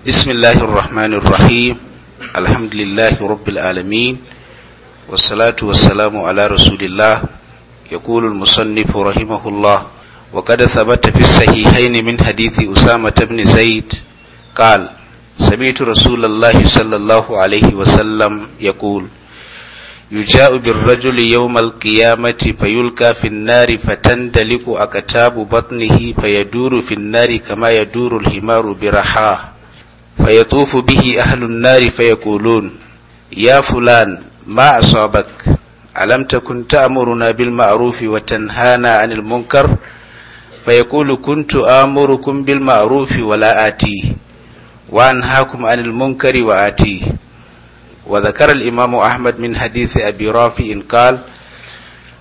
بسم الله الرحمن الرحيم الحمد لله رب العالمين والصلاة والسلام على رسول الله يقول المصنف رحمه الله وقد ثبت في الصحيحين من حديث أسامة بن زيد قال سمعت رسول الله صلى الله عليه وسلم يقول يجاء بالرجل يوم القيامة فيلقى في النار فتندلق أكتاب بطنه فيدور في النار كما يدور الحمار برحاه فيطوف به أهل النار فيقولون يا فلان ما أصابك ألم تكن تأمرنا بالمعروف وتنهانا عن المنكر فيقول كنت آمركم بالمعروف ولا آتي وأنهاكم عن المنكر وآتي وذكر الإمام أحمد من حديث أبي رافع قال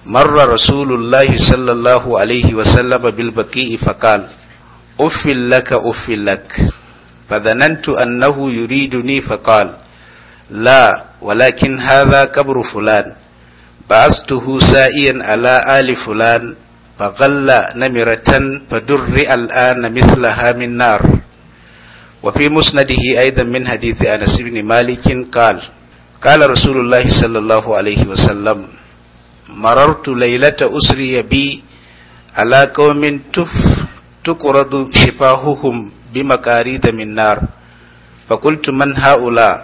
مر رسول الله صلى الله عليه وسلم بالبكيء فقال أف لك أف لك فظننت أنه يريدني فقال لا ولكن هذا قبر فلان بعثته سائيا على آل فلان فغل نمرة فدر الآن مثلها من نار وفي مسنده أيضا من حديث أنس بن مالك قال قال رسول الله صلى الله عليه وسلم مررت ليلة أسري بي على قوم تف تقرض شفاههم بمكاريد من نار فقلت من هؤلاء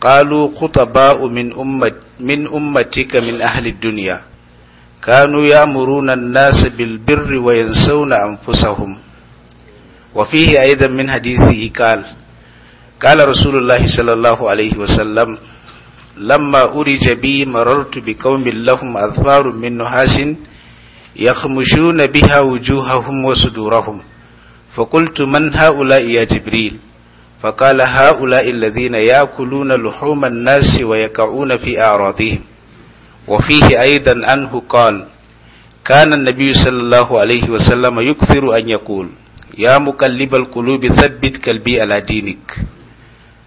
قالوا خطباء من أمة من أمتك من أهل الدنيا كانوا يأمرون الناس بالبر وينسون أنفسهم وفيه أيضا من حديثه قال قال رسول الله صلى الله عليه وسلم لما أرج بي مررت بقوم لهم أظفار من نحاس يخمشون بها وجوههم وصدورهم فقلت من هؤلاء يا جبريل فقال هؤلاء الذين ياكلون لحوم الناس ويقعون في اعراضهم وفيه ايضا انه قال كان النبي صلى الله عليه وسلم يكثر ان يقول يا مقلب القلوب ثبت قلبي على دينك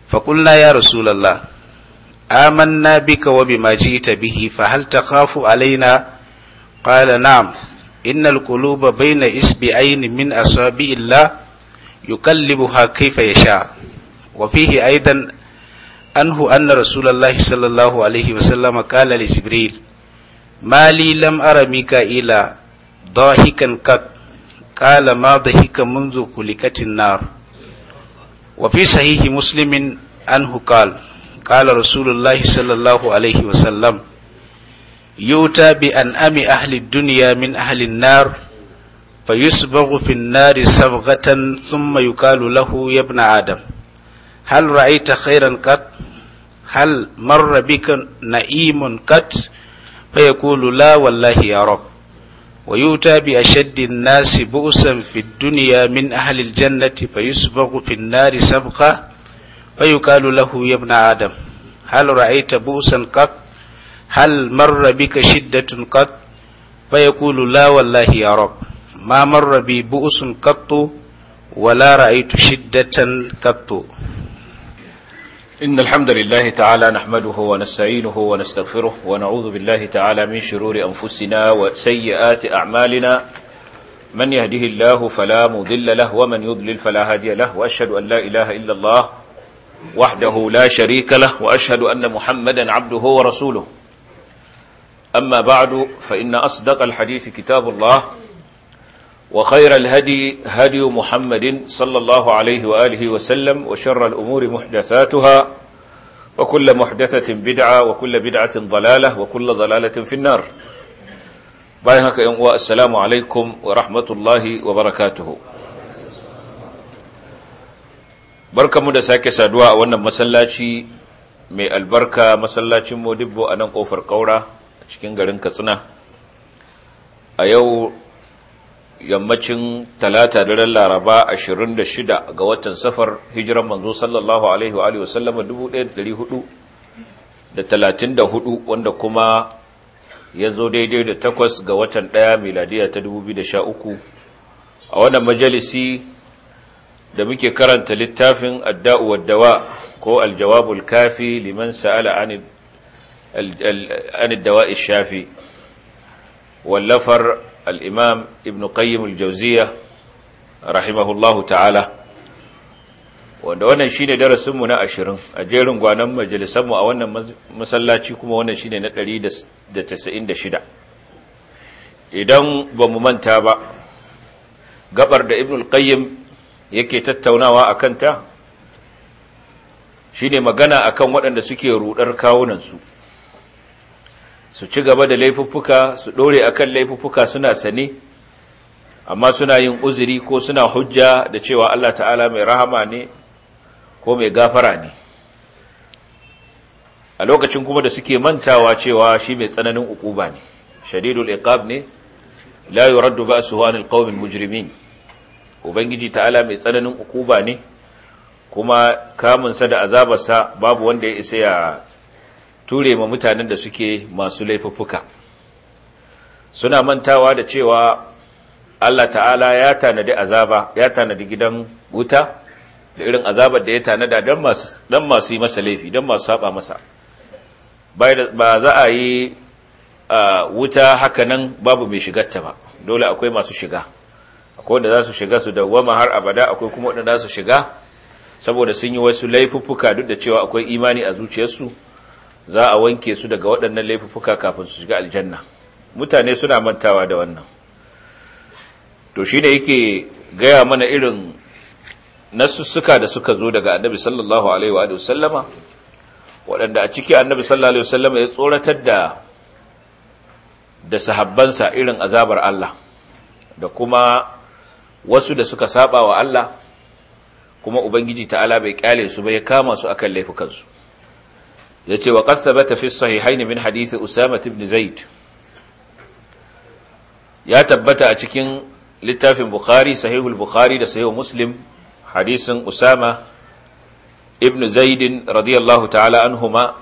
فقلنا يا رسول الله امنا بك وبما جئت به فهل تخاف علينا قال نعم innal quluba baina isbi'aini min asabi'illah yuqallibuha kayfa yasha wa fihi aidan anhu anna rasulullahi sallallahu alaihi wasallam qala li jibril ma li lam ara mika'ila dahikan kat qala ma dahika منذ kuliqatin nar wa fi sahihi muslimin anhu qala qala rasulullahi sallallahu yuta bi an ami ahli duniya min ahli nar fa yusbagu fi an-nar sabghatan thumma yuqalu lahu ya adam hal ra'aita khairan qat hal marra bika na'imun qat fa yaqulu la wallahi ya rab wa yuta bi ashaddi an-nas bu'san fi ad-dunya min ahli jannati fa yusbagu fi an-nar sabqa fa yuqalu lahu ya adam hal ra'aita bu'san kat. hal marra bika shiddatun qat fa yaqulu la wallahi ya rab ma marra bi bu'sun qattu ولا رأيت شدة قط إن الحمد لله تعالى نحمده ونستعينه ونستغفره ونعوذ بالله تعالى من شرور أنفسنا وسيئات أعمالنا من يهده الله فلا مضل له ومن يضلل فلا هادي له وأشهد أن لا إله إلا الله وحده لا شريك له وأشهد أن محمدا عبده ورسوله أما بعد فإن أصدق الحديث كتاب الله وخير الهدي هدي محمد صلى الله عليه وآله وسلم وشر الأمور محدثاتها وكل محدثة بدعة وكل بدعة ضلالة وكل ضلالة في النار بايهك السلام عليكم ورحمة الله وبركاته barkamu da sake saduwa a wannan masallaci mai albarka masallacin modibbo a nan ƙofar ƙaura cikin garin katsina a yau yammacin talata daren laraba 26 ga watan safar hijiran manzo sallallahu alaihi wa alihi wasallama 1434 wanda kuma ya zo daidai da takwas ga watan ɗaya miladiya ta 2013 a wannan majalisi da muke karanta littafin adda'u waddawa ko aljawabul kafi liman sa'ala anil عن الدواء الشافي واللفر الإمام ابن قيم الجوزية رحمه الله تعالى wanda wannan ne darasinmu na ashirin, a jerin gwanon majalisanmu a wannan masallaci kuma wannan ne na 196 idan bamu manta ba gabar da ibnul qayyim yake tattaunawa kanta shi shine magana akan waɗanda suke rudar kawunansu su ci gaba da laifuffuka su ɗore kan laifuffuka suna sani amma suna yin uzuri ko suna hujja da cewa Allah ta'ala mai rahama ne ko mai gafara ne a lokacin kuma da suke mantawa cewa shi mai tsananin ukuba ne shadidul iqab ne la yuraddu ba'suhu 'anil qaumil mujrimin ubangiji ta'ala mai tsananin ukuba ne kuma kamun sa da azabarsa babu wanda ya isa ya ture ma mutanen da suke masu laifuffuka suna mantawa da cewa Allah ta'ala ya tanadi azaba ya tanadi gidan wuta da irin azabar da ya tanada don masu don masu yi masa laifi don masu saba masa ba za a yi wuta haka nan babu mai shigarta ba dole akwai masu shiga akwai wanda za su shiga su da wama har abada akwai kuma wanda za su shiga saboda sun yi wasu laifuffuka duk da cewa akwai imani a zuciyarsu za a wanke su daga waɗannan laifuka kafin su shiga aljanna mutane suna mantawa da wannan to shi ne yake gaya mana irin nasussuka da suka zo daga annabi sallallahu alaihi wa sallama waɗanda a ciki annabi sallallahu alaihi wa sallama ya tsoratar da da sahabbansa irin azabar Allah da kuma wasu da suka saba wa Allah kuma ubangiji ta'ala bai kyale su ba ya kama su akan laifukansu ya yace wa qad thabata fi sahihayn min hadith usama ibn zaid ya tabbata a cikin littafin bukhari sahihul bukhari da sahihul muslim hadisin usama ibn zaid radiyallahu ta'ala anhuma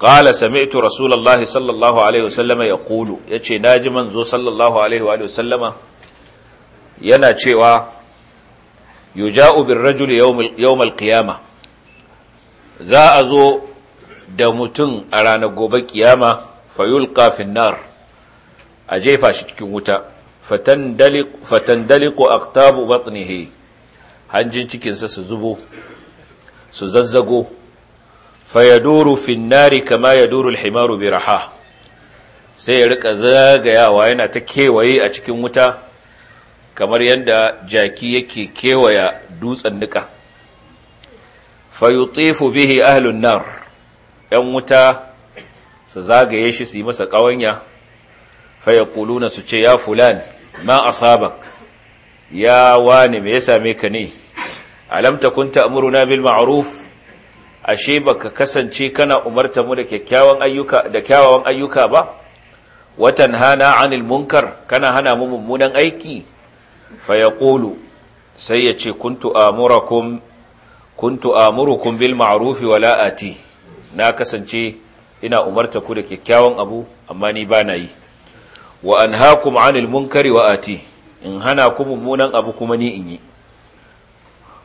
qala sami'tu rasulullahi sallallahu alaihi wasallama yaqulu yace naji manzo sallallahu alaihi wa sallama yana cewa yuja'u bir rajuli yawm al-qiyamah za a zo da mutum a ranar gobe kiyama kafin nar a jefa shi cikin wuta fatandaliqu fatandaliqu aqtabu batnihi hanjin cikinsa su zubo su zazzago fayaduru finnari kama yaduru alhimaru raha sai ya rika zagayawa yana ta kewaye a cikin wuta kamar yadda jaki yake kewaya dutsen nika fayutifu bihi ahlun nar ‘yan wuta su zagaye shi su yi masa ƙawanya faya kuluna su ce ya fulan ma asabak ya wani me ya same ka ne alamta kun ta'muruna bil ma'ruf ashe baka kasance kana umarta mu da kyawawan ayyuka ba watan hana anil munkar kana hana mu mummunan aiki Kulu sai yace kuntu amurukum kuntu bil ma'ruf wala ati na kasance ina umarta ku da kyakkyawan abu amma ni ba na yi wa anhaakum 'anil munkari wa ati in hana ku mummunan abu kuma ni in yi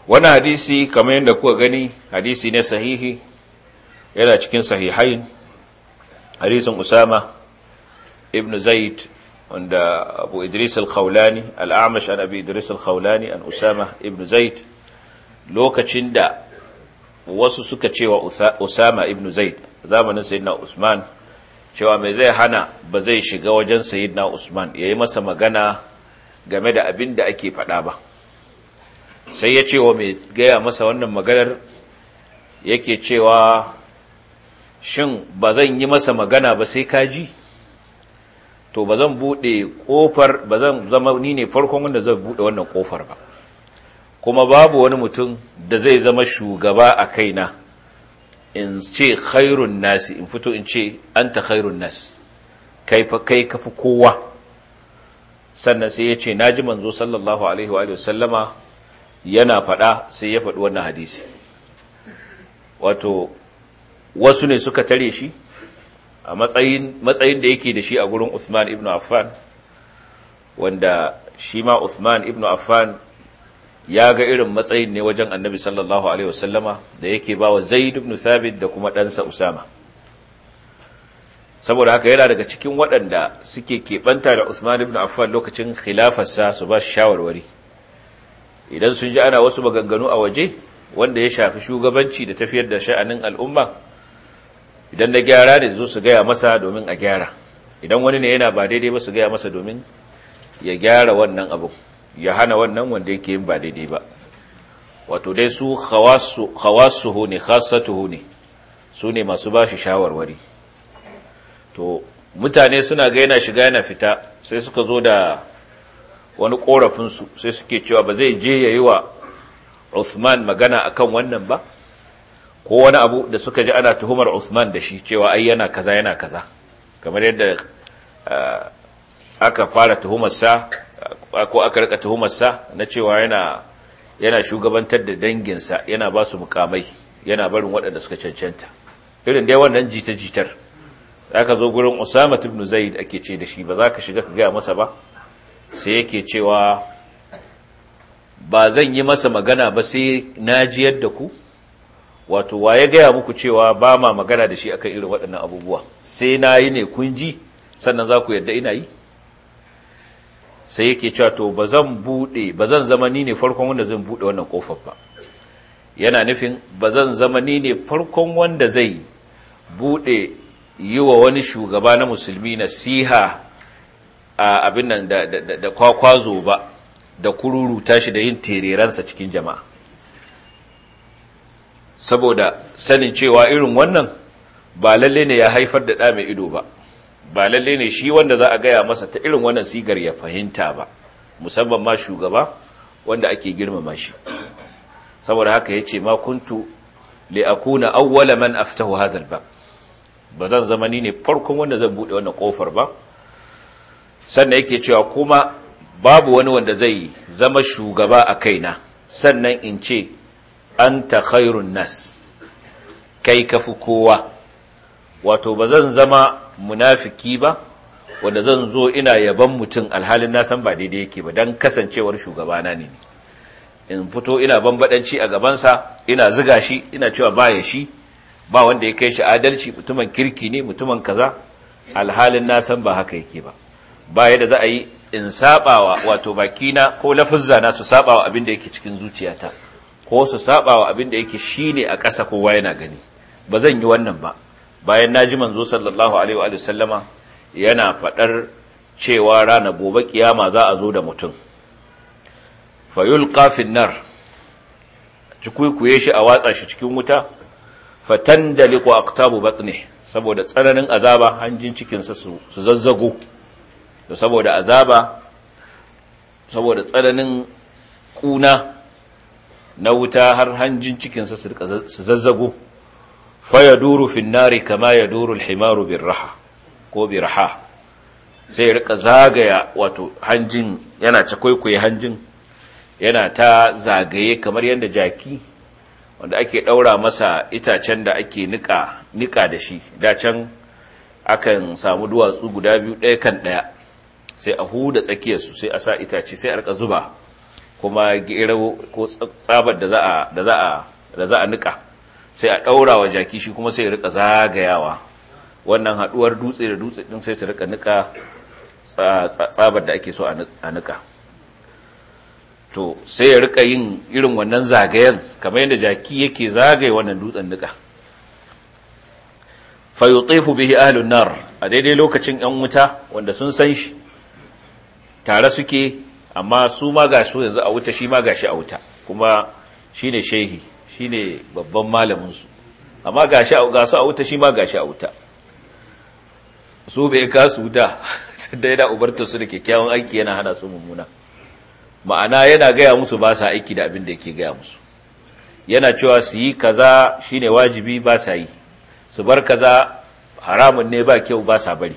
wani hadisi kamar yadda kuka gani hadisi ne sahihi yana cikin sahihain hadisin usama ibn zaid wanda abu idris al-khawlani al-amash an abi idris al-khawlani an usama ibn zaid lokacin da wasu suka cewa usama ibn zaid zamanin sayyidina usman cewa mai zai hana ba zai shiga wajen sayyidina usman yayi masa magana game da abin da ake faɗa ba sai ya cewa mai gaya masa wannan maganar yake cewa shin ba zan yi masa magana ba sai ka ji to ba zan buɗe ƙofar ba zan zama ni ne farkon wanda zan buɗe wannan kofar ba kuma babu wani mutum da zai zama shugaba a kaina in ce khairun nasi in fito in ce anta khairun nasi kai fa kai kafi kowa sannan sai ya ce ji manzo sallallahu alaihi wa sallama yana faɗa sai ya faɗi wannan hadisi wato wasu ne suka tare shi a matsayin da yake da shi a gurin Uthman ibn Affan wanda shi ma Uthman ibn Affan ya ga irin matsayin ne wajen annabi sallallahu alaihi wasallama da yake ba wa zaid ibn sabit da kuma ɗansa usama saboda haka yana daga cikin waɗanda suke keɓanta da usman ibn affan lokacin khilafarsa su ba shi shawarwari idan sun ji ana wasu maganganu a waje wanda ya shafi shugabanci da tafiyar da sha'anin al'umma idan na gyara ne zo su gaya masa domin a gyara idan wani ne yana ba daidai ba su gaya masa domin ya gyara wannan abu ya hana wannan wanda yake yin ba daidai ba wato dai su khawasu ne khasatu ne su ne masu ba shi shawarwari to mutane suna ga yana shiga yana fita sai suka zo da wani korafinsu sai suke cewa ba zai je ya yi wa Usman magana akan wannan ba ko wani abu da suka ji ana tuhumar Usman da shi cewa ai yana kaza yana kaza kamar yadda eh, aka fara tuhumarsa ko aka rika tuhumarsa na cewa yana yana shugabantar da danginsa yana ba su mukamai yana barin waɗanda suka cancanta irin dai wannan jita-jitar za ka zo gurin usama ibn zaid ake ce da shi ba za ka shiga ka gaya masa ba sai yake cewa ba zan yi masa magana ba sai na ji yadda ku wato wa ya gaya muku cewa ba ma magana da shi akan irin waɗannan abubuwa sai na yi ne kun ji sannan za ku yadda ina yi sai yake cewa to ba zan bude ba zan zama ni ne farkon wanda zan bude wannan kofar ba yana nufin ba zan zama ni ne farkon wanda zai bude yi wa wani shugaba na musulmi na siha a abin nan da kwakwazo ba da kururu tashi da yin tereransa cikin jama'a saboda sanin cewa irin wannan ba lalle ne ya haifar da ɗa mai ido ba ba lalle ne shi wanda za a gaya masa ta irin wannan sigar ya fahimta ba musamman ma shugaba wanda ake girmama shi saboda haka ya ce ma kuntu akuna awwala man aftahu hadha albab ba zan zama ni ne farkon wanda zan bude wannan kofar ba sannan yake cewa kuma babu wani wanda zai zama shugaba a kaina sannan in ce anta khairun nas kai kafi kowa wato ba zan zama munafiki ba wanda zan zo ina yaban mutum alhalin nasan ba daidai yake ba don kasancewar shugabana ne in fito ina bambadanci a gabansa ina ziga shi ina cewa ba ya shi ba wanda ya kai shi adalci mutumin kirki ne mutumin kaza alhalin na ba haka yake ba ba yadda za a yi in sabawa wato bakina ko na su sabawa abin da yake cikin zuciyata ko su sabawa abin da yake shine a ƙasa kowa yana gani ba zan yi wannan ba bayan naji manzo sallallahu alaihi wa sallama yana fadar cewa rana gobe kiyama za a zo da mutum fayulqa fi nar cikuikuye shi a watsa shi cikin wuta fatandaliqu aqtabu batni saboda tsananin azaba hanjin cikin sa su zazzago da saboda azaba saboda tsananin kuna na wuta har hanjin cikin sa su zazzago fayaduru duru nari kama ya duru alhimaru birraha ko raha sai rika zagaya wato hanjin yana ta kwaikwaye hanjin yana ta zagaye kamar yadda jaki wanda ake daura masa itacen da ake nika da shi da can akan samu duwatsu guda biyu ɗaya kan ɗaya sai a huda tsakiyarsu sai a sa itace sai a rika zuba kuma gero ko tsabar da za a da da za a nika sai a ɗaura wa jaki shi kuma sai ya rika zagayawa wannan haɗuwar dutse da dutse ɗin sai ta rika nika tsabar da ake so a nika to sai ya rika yin irin wannan zagayen kamar yadda jaki yake zagaye wannan dutsen nika fayutifu bihi ahlun nar a daidai lokacin yan wuta wanda sun san shi tare suke amma su ma ga su yanzu a wuta shi ma gashi a wuta kuma shine shehi Shi ne babban malaminsu, amma ga shi a wuta shi ma ga shi a wuta su bai ka su wuta da yana ubarta su da kyakkyawan aiki yana hana su mummuna ma'ana yana gaya musu ba sa aiki da abin da yake gaya musu yana cewa su yi kaza shi ne wajibi ba sa yi su bar kaza haramun ne ba kyau ba sa bari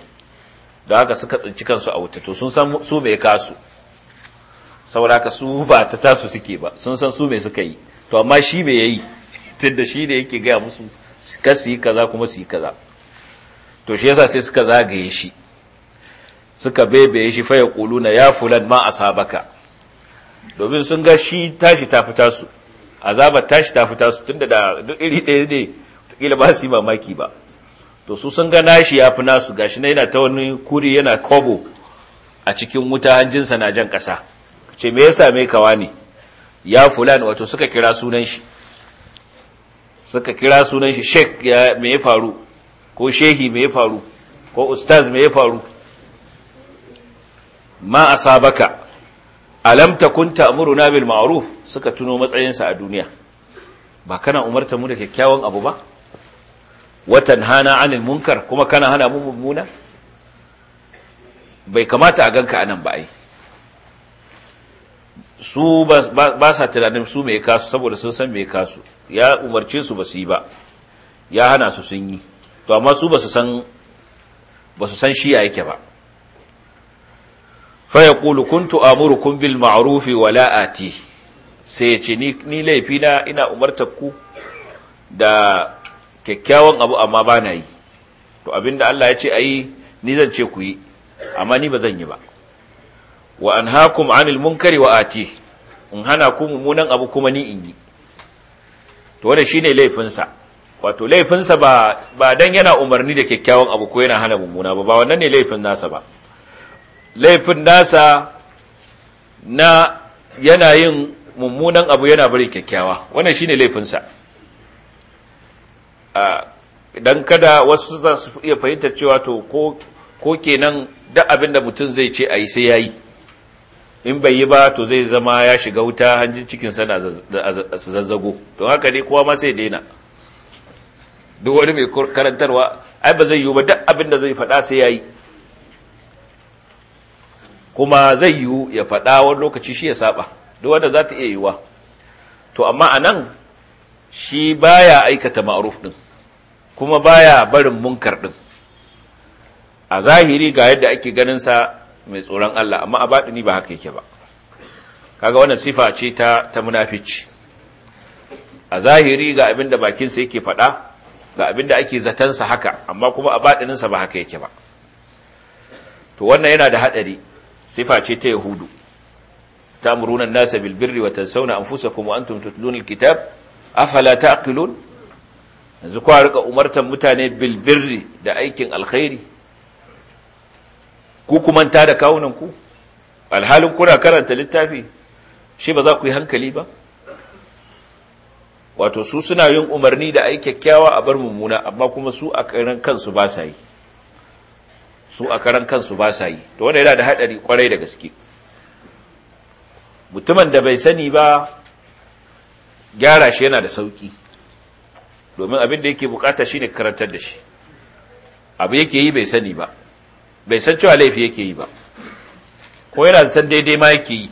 da haka suka tsinci kansu a wuta to sun san su bai kasu saboda haka su ba ta tasu suke ba sun san su bai suka yi to amma shi mai yayi tunda shi ne yake gaya musu ka su yi kaza kuma su yi kaza to shi yasa sai suka zagaye shi suka bebe shi faya kuluna ya fulan ma asabaka domin sun ga shi tashi ta fita su azabar tashi ta fita su tunda da duk iri ɗaya ne kila ba su yi mamaki ba to su sun ga nashi ya fi nasu gashi na yana ta wani kuri yana kobo a cikin wuta hanjinsa na jan ƙasa ce me yasa same kawa ne ya fulan wato suka kira sunan shi suka kira sunan shi shek ya me ya faru ko shehi me ya faru ko ustaz me ya faru ma asabaka alam takun ta'muruna bil ma'ruf suka tuno matsayinsa a duniya ba kana umarta mu da kyakkyawan abu ba watan hana anil munkar kuma kana hana mu mummuna bai kamata a ganka anan ba ai su ba sa tunanin su mai kasu saboda sun san mai kasu ya umarce su ba su yi ba ya hana su sun yi to amma su ba su san shi ya yake ba fa yaqulu kuntu kun bil ma'arufi wa la'ati sai ce ni ni laifi na ina umartar ku da kyakkyawan abu amma ba na yi to abinda Allah ya ce a yi ni zan ce ku yi amma ni ba zan yi ba wa an anhaakum 'anil munkari wa ati in hana ku mummunan abu kuma ni in yi to wannan shine laifin sa wato laifin sa ba ba dan yana umarni da kyakkyawan abu ko yana hana mummuna ba ba wannan ne laifin nasa ba laifin nasa na yana yin mummunan abu yana bari kyakkyawa wannan shine laifin sa dan kada wasu za su iya fahimtar cewa to ko ko kenan duk abin da mutum zai ce a yi sai ya yi in bai yi ba to zai zama ya shiga wuta hanjin cikin sana su zazzago don haka ne kowa ma sai daina duk wani mai karantarwa ai ba zai yiwu ba duk abin da zai faɗa sai ya yi kuma zai yiwu ya faɗa wani lokaci shi ya saba duk wanda za ta iya yiwuwa to amma a nan shi baya aikata ma'aruf ɗin kuma baya barin munkar ɗin a zahiri ga yadda ake ganin sa. mai tsoron Allah amma a baɗini ba haka yake ba kaga wannan sifa ce ta ta munafici a zahiri ga abin da bakinsa yake faɗa ga abin da ake sa haka amma kuma a baɗininsa ba haka yake ba to wannan yana da haɗari sifa ce ta yahudu ta'muruna an-nasa bil birri wa tansawna anfusakum wa antum tutluna al-kitab afala ta'qilun yanzu kwa rika umartan mutane bil birri da aikin alkhairi ku kuma ta da kawunan ku alhalin kuna karanta littafi shi ba za ku yi hankali ba wato su suna yin umarni da ai kyakkyawa a bar mummuna amma kuma su a karan kansu ba sa yi su a karan kansu ba sa yi to wanda yana da hadari kwarai da gaske mutumin da bai sani ba gyara shi yana da sauki domin abin da yake bukata shine karantar da shi abu yake yi bai sani ba bai san cewa laifi yake yi ba ko yana da san daidai ma yake yi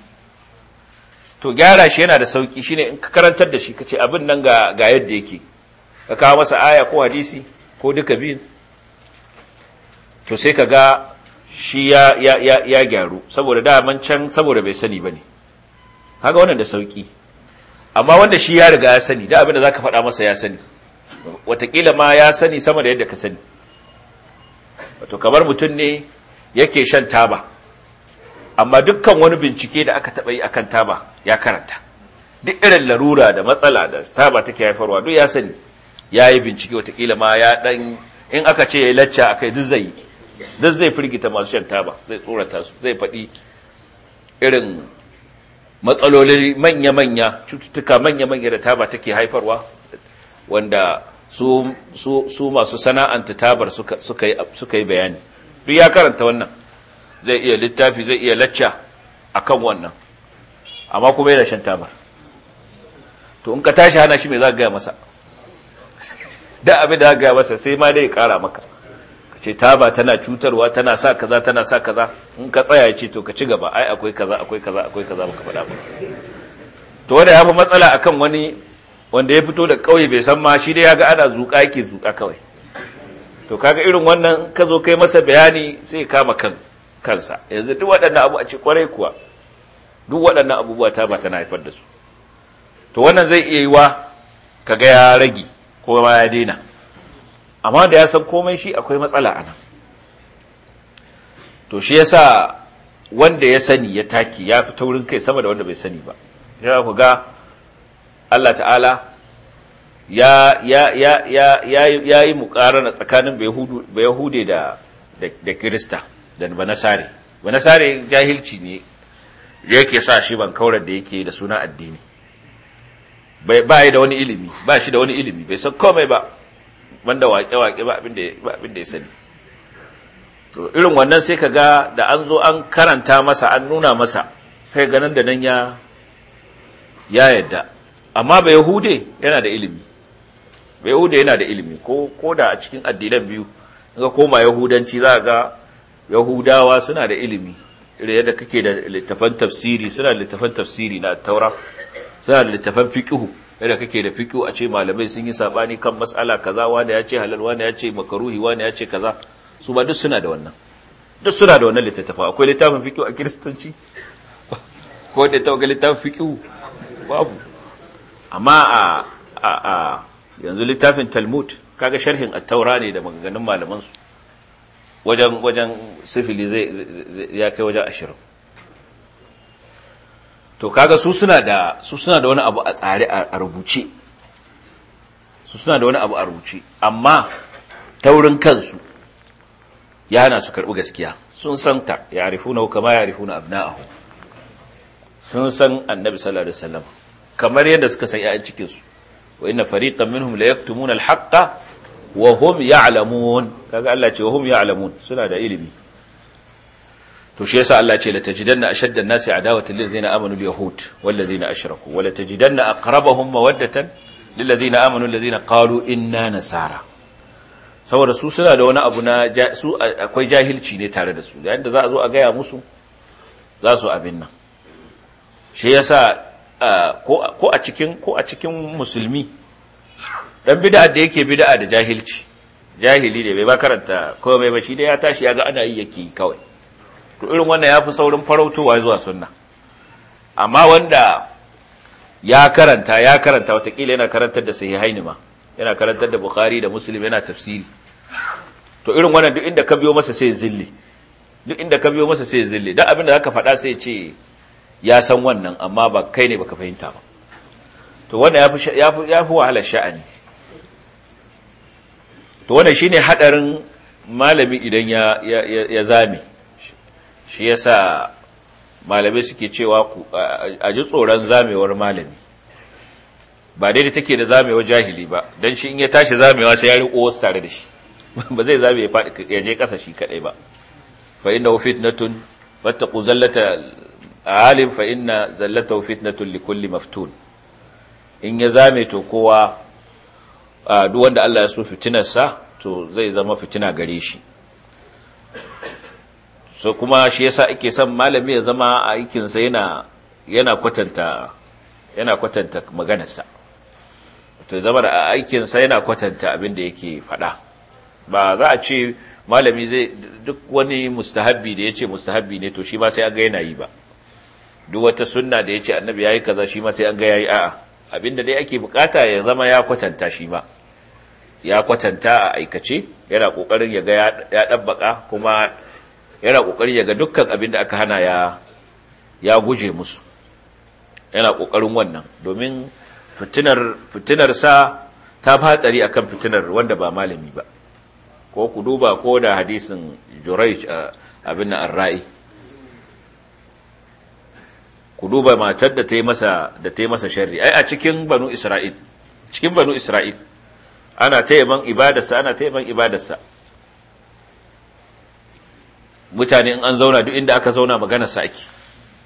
to gyara shi yana da sauki shine in ka karantar da shi ka ce abin nan ga ga yadda yake ka kawo masa aya ko hadisi ko duka biyun to sai ka ga shi ya ya ya ya gyaru saboda daman can saboda bai sani bane kaga wannan da sauki amma wanda shi ya riga ya sani da abin da zaka faɗa masa ya sani watakila ma ya sani sama da yadda ka sani wato kamar mutum ne yake shan taba amma dukkan wani bincike da aka taba yi akan taba ya karanta duk irin larura da matsala da taba take haifarwa duk ya sani ya yi bincike watakila ma ya ɗan in aka ce ya lacca aka yi zai zai firgita masu shan taba zai tsorata su zai faɗi irin matsaloli manya-manya cututtuka manya-manya da taba take haifarwa wanda su masu sana'anta tabar suka yi bayani duk ya karanta wannan zai iya littafi zai iya lacca a kan wannan amma kuma yana shan tabar to in ka tashi hana shi mai za gaya masa da abin da za gaya masa sai ma dai ya kara maka ka ce taba tana cutarwa tana sa kaza tana sa kaza in ka tsaya ce to ka ci gaba ai akwai kaza akwai kaza akwai kaza baka faɗa ba to wanda ya fi matsala akan wani wanda ya fito da kauye bai san ma shi dai ya ga ana zuƙa yake zuƙa kawai to kaga irin wannan ka zo kai masa bayani sai kama kan kansa yanzu duk waɗannan abu a ce kwarai kuwa duk waɗannan abubuwa ta mata tana haifar da su to wannan zai iya yi wa kaga ya ragi ko ma ya daina amma da ya san komai shi akwai matsala a to shi yasa wanda ya sani ya taki ya fi taurin kai sama da wanda bai sani ba ya ku ga Allah ta'ala ya ya ya ya ya yi muƙarana tsakanin Yahudu da da kirista da banasare banasare jahilci ne yake sa shi ban kaurar da yake da suna addini ba yi da wani ilimi ba shi da wani ilimi bai san komai ba wanda waƙe-waƙe ba abin da ya sani irin wannan sai ka ga da an zo an karanta masa an nuna masa sai ganin da nan ya ya yadda amma ba yahude yana da ilimi ba yahude yana da ilimi ko ko da a cikin addinan biyu ga koma yahudanci za ga yahudawa suna da ilimi yadda kake da littafan tafsiri suna da littafan tafsiri na taura suna da littafan fiqhu yadda kake da fiqhu a ce malamai sun yi sabani kan mas'ala kaza wanda ya ce halal wanda ya ce makaruhi wanda ya ce kaza su ba duk suna da wannan duk suna da wannan littattafa akwai littafin fiqhu a kiristanci ko da ta ga littafin fiqhu babu amma a yanzu littafin talmud kaga sharhin attaura ne da maganganun malamansu wajen wajen sifili zai ya kai wajen ashirin to kaga su suna da su suna da wani abu a tsari a rubuce su suna da wani abu a rubuce amma taurin kansu ya hana su karɓi gaskiya sun san ta ya rufuna hukama ya abu na'ahu sun san annabi sallallahu alaihi wasallam kamar yadda suka san ‘ya'yan cikinsu wa ina fariƙan minhum la yaktumuna alhaqqa wa hum ya'lamun kaga Allah ce wa hum ya'lamun suna da ilimi to shi yasa Allah ce la tajidanna ashadda an-nasi adawatan lil ladzina amanu bil yahud wal ladzina ashraku wa la tajidanna aqrabahum mawaddatan lil ladzina amanu ladzina qalu inna nasara saboda su suna da wani abu na su akwai jahilci ne tare da su yayin da za a zo a gaya musu za su abin nan shi yasa ko a cikin ko a cikin musulmi dan bid'a da yake bid'a da jahilci jahili ne bai ba karanta komai ba shi dai ya tashi ya ga ana yi yake kawai to irin wannan ya fi saurin farautowa zuwa sunna amma wanda ya karanta ya karanta watakila yana karantar da sahihaini ma yana karantar da bukhari da muslim yana tafsiri to irin wannan duk inda ka biyo masa sai zille duk inda ka biyo masa sai zille dan abin da zaka faɗa sai ce ya san wannan amma ba kai ne baka fahimta ba to wannan ya fi wahalar sha'ani to wannan shi ne haɗarin malami idan ya zame shi ya sa malamai suke cewa a ji tsoron zamewar malami ba daidai take da zamewar jahili ba don shi in ya tashi zamewa sai ya riƙo wasu tare da shi ba zai zame ya je ƙasa shi kaɗai ba fa na fitnatun fattaqu zallata alim fa inna zallatahu fitnatun likulli maftun in ya zame to kowa duk wanda Allah ya so fitinarsa to zai zama fitina gare shi so kuma shi yasa ake son malami ya zama a aikinsa yana yana kwatanta maganarsa to zama da aikinsa yana kwatanta abin da yake faɗa ba za a ce malami zai duk wani mustahabbi da ya ce mustahabbi ne to shi ba sai a ga yana yi ba duk wata sunna da ya ce annabi ya yi kaza shi ma sai an ga ya yi a'a abinda dai ake bukata ya zama ya kwatanta shi ma ya kwatanta a aikace yana kokarin ya ga ya dabbaka kuma yana kokarin ya ga dukkan abin da aka hana ya ya guje musu yana kokarin wannan domin fitinar fitinar sa ta fatsari akan fitinar wanda ba malami ba ko ku duba ko da hadisin Jurayj abin ar-Ra'i ku duba matar da ta yi masa da ta yi masa sharri ai a cikin banu isra'il cikin banu isra'il ana ta yaban ibadarsa ana ta yaban ibadarsa mutane in an zauna duk inda aka zauna magana sa ake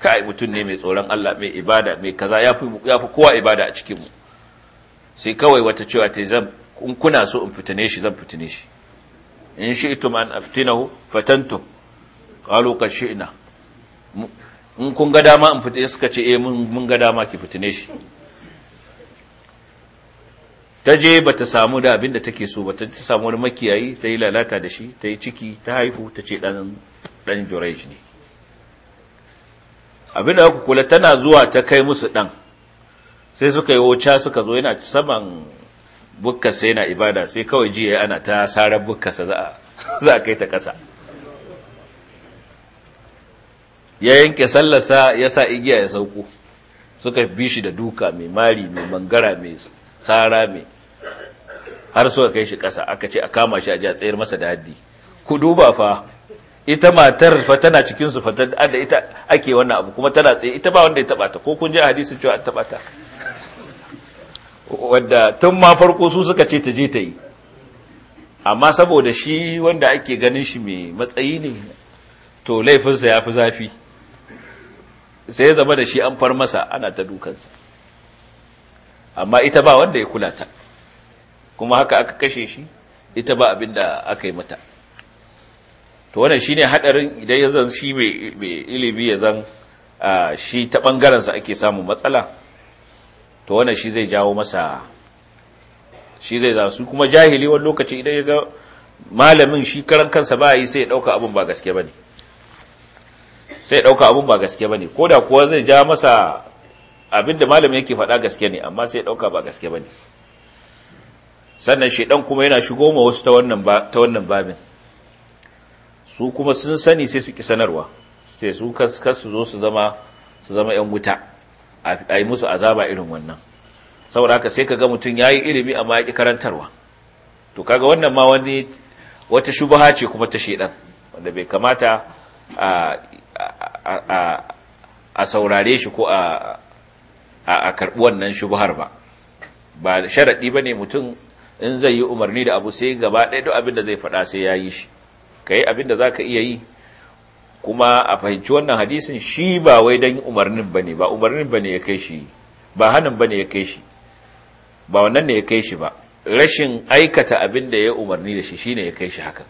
kai mutum ne mai tsoron Allah mai ibada mai kaza yafi yafi kowa ibada a cikin mu sai kawai wata cewa ta zan in kuna so in fitine shi zan fitine shi in shi'tum an aftinahu fatantum qalu qashina in kun ga dama in fita suka ce eh mun ga dama ki fitine shi ta je ba ta samu da abin da take so ba ta samu wani makiyayi ta yi lalata da shi ta yi ciki ta haifu ta ce ɗan shi ne abin da kula tana zuwa ta kai musu ɗan sai suka yi wuce suka zo yana saman bukkasa yana ibada sai kawai jiya ana ta sarar bukkasa za a kai ta ƙasa ya yanke sallarsa ya sa igiya ya sauko suka bi shi da duka mai mari mai mangara mai tsara mai har suka kai shi ƙasa aka ce a kama shi a ji a tsayar masa da haddi ku duba fa ita matar fa tana cikin su fa da ita ake wannan abu kuma tana tsaye ita ba wanda ya taɓa ta ko kun ji a hadisin cewa an taɓa ta wanda tun ma farko su suka ce ta je ta yi amma saboda shi wanda ake ganin shi mai matsayi ne to laifinsa ya fi zafi sai ya zama da shi an far masa ana ta dukansa amma ita ba wanda ya kula ta kuma haka aka kashe shi ita ba abin da aka yi mata to wannan shine hadarin idan ya zan shi mai ilimi ya zan shi ta bangarensa ake samun matsala to wannan shi zai jawo masa shi zai za su kuma jahili wani lokaci idan ya ga malamin shi karan kansa ba yi sai ya dauka abin ba gaske bane sai ɗauka abun ba gaske ba ne ko da kuwa zai ja masa abin da malamin yake faɗa gaske ne amma sai ɗauka ba gaske ba ne sannan shaidan kuma yana shigo ma wasu ta wannan babin su kuma sun sani sai su ƙi sanarwa sai su kasu zo su zama su zama yan wuta a yi musu azaba irin wannan saboda haka sai ka ga mutum ya yi ilimi amma ya ƙi karantarwa to kaga wannan ma wani wata shubaha ce kuma ta shaidan wanda bai kamata a a saurare shi ko a a karɓi wannan shubuhar ba ba sharaɗi ba ne mutum in zai yi umarni da abu sai gaba ɗaya duk abin da zai faɗa sai ya yi shi ka yi abin da za ka iya yi kuma a fahimci wannan hadisin shi ba wai don umarnin ba ne ba umarnin ba ne ya kai shi ba hannun ba ne ya kai shi ba wannan ne ya kai shi ba rashin aikata abin da ya umarni da shi shi ne ya kai shi hakan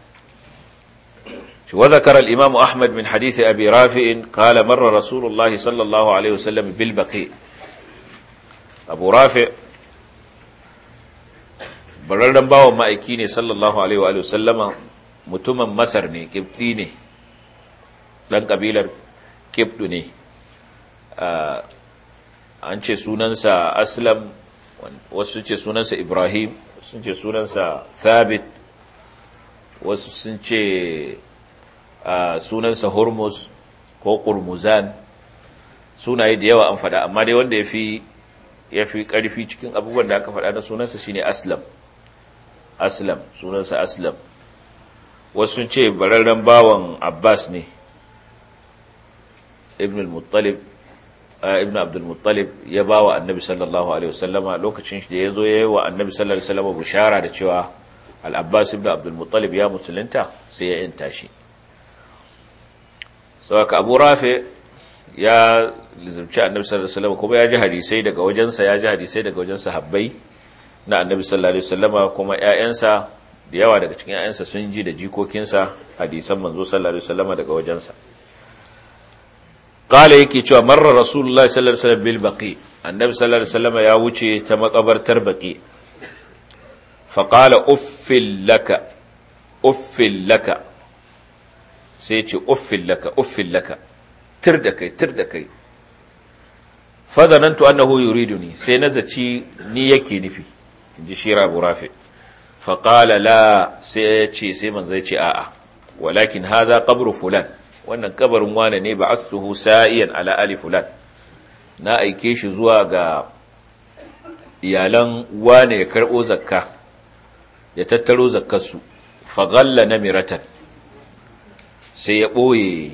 وذكر الإمام أحمد من حديث أبي رافع قال مر رسول الله صلى الله عليه وسلم بالبقيع أبو رافع bararren bawan ma'aiki ne sallallahu alaihi wa sallama mutumin masar ne kibdi ne ɗan ƙabilar kibdu ne an ce sunansa aslam wasu ce sunansa ibrahim sun ce sunansa thabit wasu sun ce Ah, sunansa hormuz ko ƙurmuzan sunaye da yawa an faɗa amma dai wanda ya fi ƙarfi cikin abubuwan da aka faɗa na sunansa shine aslam aslam sunansa aslam wasu ce bararren bawan abbas ne ibn al ah, ya ba wa annabi sallallahu alaihi wasallama lokacin shi da ya zo ya yi wa annabi sallallahu alaihi wasallama bushara da cewa al ibnu ibn ya musulunta sai ya yanta shi saboda abu rafi ya lizimci annabi sallallahu alaihi wasallam kuma ya ji hadisai daga wajensa ya ji hadisai daga wajensa sahabbai na annabi sallallahu alaihi wasallama kuma ƴaƴansa da yawa daga cikin ƴaƴansa sun ji da jikokinsa hadisan manzo sallallahu alaihi wasallama daga wajensa qala yake cewa marra rasulullahi sallallahu alaihi wasallam bil baqi annabi sallallahu alaihi wasallama ya wuce ta makabartar baqi fa qala uffil laka uffil laka sai ce uffin laka uffin laka tir da kai tir da kai fazanantu annahu yuriduni sai na zaci ni yake nufi inji shira burafi fa qala la sai ya ce sai man zai ce a'a walakin hadha qabru fulan wannan kabarin wane ne ba'athuhu sa'iyan ala ali fulan na aike shi zuwa ga iyalan wane ya karbo zakka ya tattaro su fa ghalla namiratan sai ya ɓoye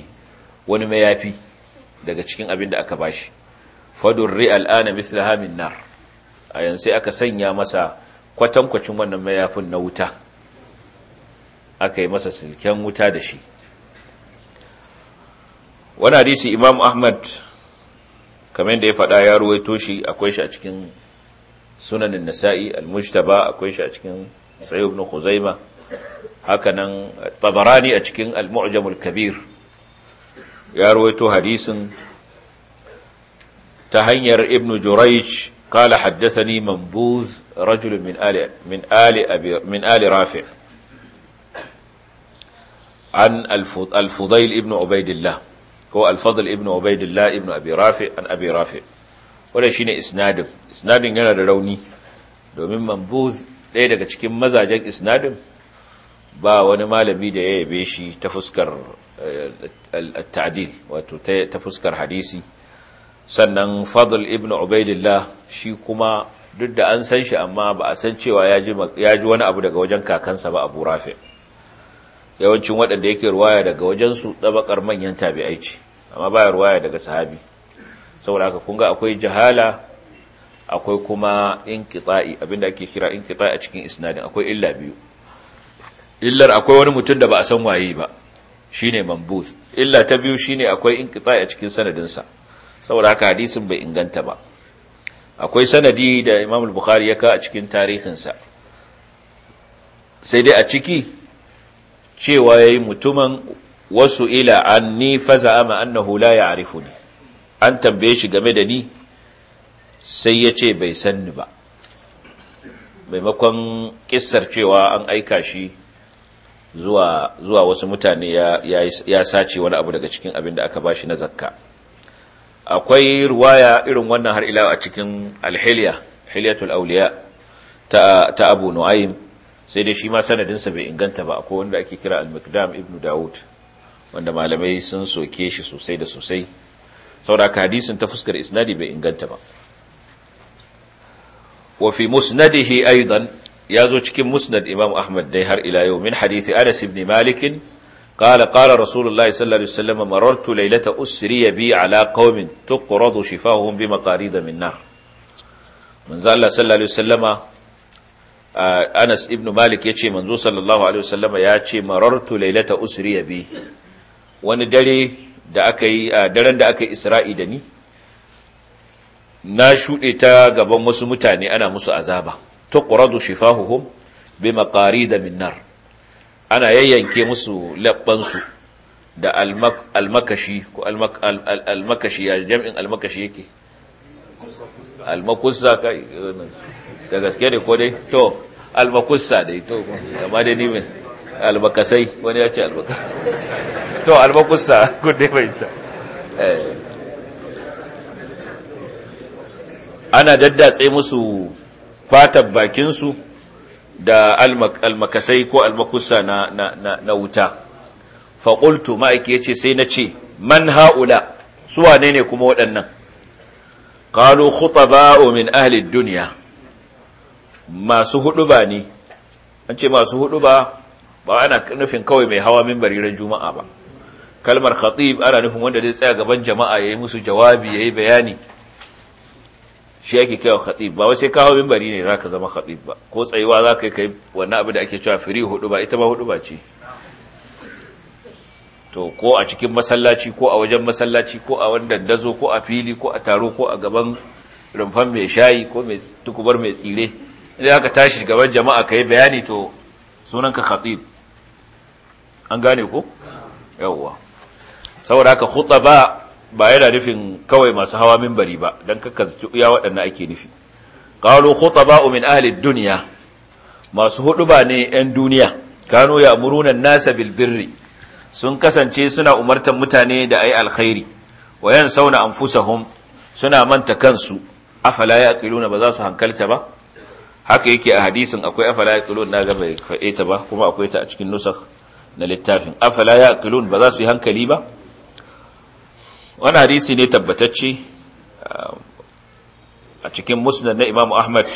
wani mayafi daga cikin abin da aka ba shi. bashi fadurri al'ana misla hamin nar a yanzu sai aka sanya masa kwatankwacin wannan mayafin na wuta aka yi masa silken wuta da shi wani hadisi imam ahmad kamar yadda ya faɗa ya ruwaito shi akwai shi a cikin sunanin nasa'i al-mujtaba akwai shi a cikin sayyid ibn khuzaima hakanan tabarani a cikin al-mu'jamul kabir ya rawaito hadisin ta hanyar ibnu jurayj قال haddasa ni رجل من آل من آل أبي من آل رافع عن الفضيل ابن ibnu الله هو الفضل ابن عبيد الله ابن أبي رافع عن yana da rauni domin manbuz ɗaya daga cikin mazajen isnadin ba wani malami da ya yabe shi ta fuskar eh, ta'dil wato ta fuskar hadisi sannan fadl ibn ubaidillah shi kuma duk da an san shi amma ba a san cewa ya ji wani abu daga wajen kakansa ba abu rafi yawancin waɗanda yake ruwaya daga wajensu tsabakar manyan tabi'ai ce amma baya ruwaya daga sahabi saboda haka kunga akwai jahala akwai kuma abin abinda ake kira inkitsa'i a cikin isnadin akwai illa biyu illar akwai wani mutum da ba a san waye ba shine mambuth illa ta biyu shine akwai inqita'i a cikin sanadinsa saboda haka hadisin bai inganta ba akwai sanadi da Imam al-Bukhari ya ka a cikin tarihinsa sai dai a ciki cewa yayi mutumin wasu ila anni ama annahu la ya'rifuni an tambaye shi game da ni sai ya ce bai sanni ba maimakon kissar cewa an aika shi zuwa zuwa wasu mutane ya ya sace wani abu daga cikin abin da aka bashi na zakka akwai ruwaya irin wannan har ila a cikin alhiliya hilyatul awliya ta ta Abu Nu'aym sai dai shi ma sanadin sa bai inganta ba akwai wanda ake kira al-Miqdam ibn Da'ud, wanda malamai sun soke shi sosai da sosai saboda hadisin ta fuskar isnadi bai inganta ba wa fi musnadihi aidan ya zo cikin musnad imam ahmad dai har ila yau min hadithi anas ibn malik qala qala rasulullahi sallallahu alaihi wasallam marartu laylata usriya bi ala qaumin tuqradu shifahum bi maqarid min nar manzo Allah sallallahu alaihi wasallam uh, anas ibn malik yace manzo sallallahu alaihi wasallam ya ce marartu laylata usriya bi wani dare da aka yi uh, daren da aka yi isra'i da ni na shuɗe ta gaban wasu mutane ana musu azaba tuqradu shifahuhum bimaqarida min nar ana yayyanke musu labbansu da almakashi ko almakashi ya jam'in almakashi yake almakussa kai da gaske ne ko dai to almakussa dai to amma dai ni albakasai wani ya ce albakasai to almakussa kun dai bai ta eh. ana daddatse musu fatan bakinsu da almakasai ko almakusa na wuta faƙultu ma'aiki ya ce sai na ce man ha'ula su wanene ne kuma waɗannan ƙalu ba'o min ahli duniya masu huɗu ba ne an ce masu huɗu ba ba ana nufin kawai mai hawa mimbari juma'a ba kalmar khatib ana nufin wanda zai tsaya gaban jama'a ya yi musu jawabi ya yi bayani shi ake kai wa khatib ba wai sai ka hawo minbari ne ka zama khatib ba ko tsayuwa za ka zaka kai wannan abu da ake cewa firi hudu ba ita ma hudu ba ce to ko a cikin masallaci ko a wajen masallaci ko a wanda dazo ko a fili ko a taro ko a gaban rumfan mai shayi ko mai tukubar mai tsire idan aka tashi gaban jama'a kai bayani to sunanka khatib an gane ko yawwa saboda haka khutba ba yana nufin kawai masu hawa mimbari ba dan kakkazu ya waɗannan ake nufi qalu khutaba'u min ahli duniya masu hudu ba ne yan duniya kanu ya an-nasa bilbirri birri sun kasance suna umartar mutane da ai alkhairi wa yansawna anfusahum suna manta kansu afala yaqiluna ba za su hankalta ba haka yake a hadisin akwai afala yaqilun na gaba fa'ita ba kuma akwai ta a cikin nusa na littafin afala yaqilun ba za su yi hankali ba wani hadisi ne tabbatacce uh, a cikin musnad na imamu ahmad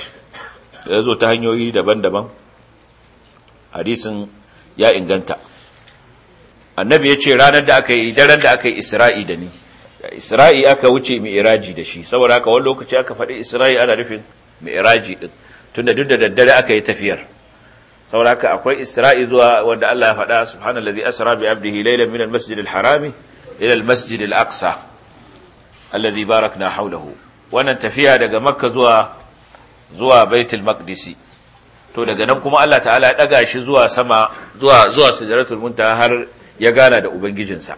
da ya zo ta hanyoyi daban-daban hadisin ya inganta annabi ya ce ranar da aka yi daren da aka yi isra'i da ni isra'i aka wuce mai da shi saboda haka wani lokaci aka faɗi isra'i ana nufin mai iraji ɗin tun da duk da daddare aka yi tafiyar saboda haka akwai isra'i zuwa wanda allah ya faɗa subhanallazi asra bi abdihi laylan min al-masjidil harami ila al-masjid al-aqsa alladhi barakna hawlahu wannan tafiya daga makka zuwa zuwa baitul maqdisi to daga nan kuma Allah ta'ala ya daga shi zuwa sama zuwa zuwa sidratul muntaha har ya gana da ubangijinsa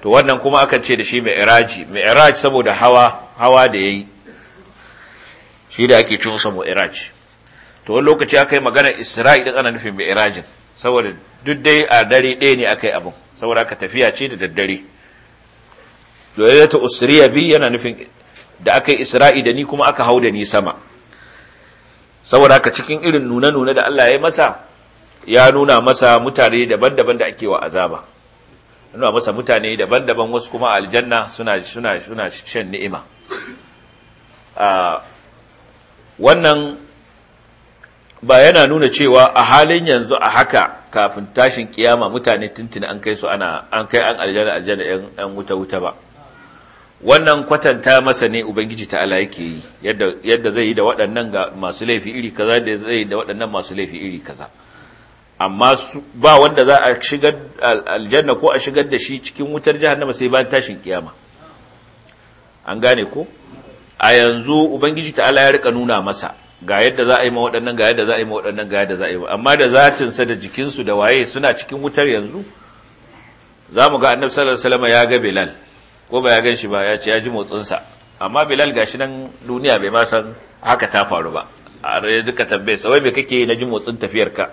to wannan kuma aka ce da shi mi'raji mi'raj saboda hawa hawa da yayi shi da ake cewa iraji. to wani lokaci aka yi magana isra'i din ana nufin mi'rajin saboda duk dai a dare ɗaya ne aka yi abin saboda aka tafiya ce da daddare ta usriya bi yana nufin da aka yi isra'i da ni kuma aka hau da ni sama saboda aka cikin irin nuna-nuna da Allah ya yi masa ya nuna masa mutane daban-daban da ake wa azaba nuna masa mutane daban-daban wasu kuma aljanna suna shan ni'ima ah, wannan ba yana nuna cewa a halin yanzu a haka kafin tashin kiyama mutane tuntuni an kai su ana an kai an aljanna aljanna yan wuta wuta ba wannan kwatanta masa ne ubangiji ta ala yake yi yadda zai yi da waɗannan ga masu laifi iri kaza da zai yi da waɗannan masu laifi iri kaza amma ba wanda za a shigar aljanna ko a shigar da shi cikin wutar jahannama sai bayan tashin kiyama an gane ko a yanzu ubangiji ta ala ya rika nuna masa ga yadda za a yi ma waɗannan ga yadda za a yi ma waɗannan ga yadda za a yi amma da zatinsa da jikinsu da waye suna cikin wutar yanzu za mu ga annabi sallallahu alaihi wasallam ya ga bilal ko ba ya gan shi ba ya ce ya ji motsinsa amma bilal gashi nan duniya bai ma san haka ta faru ba a rai duka tambaye sa wai me kake na ji motsin tafiyarka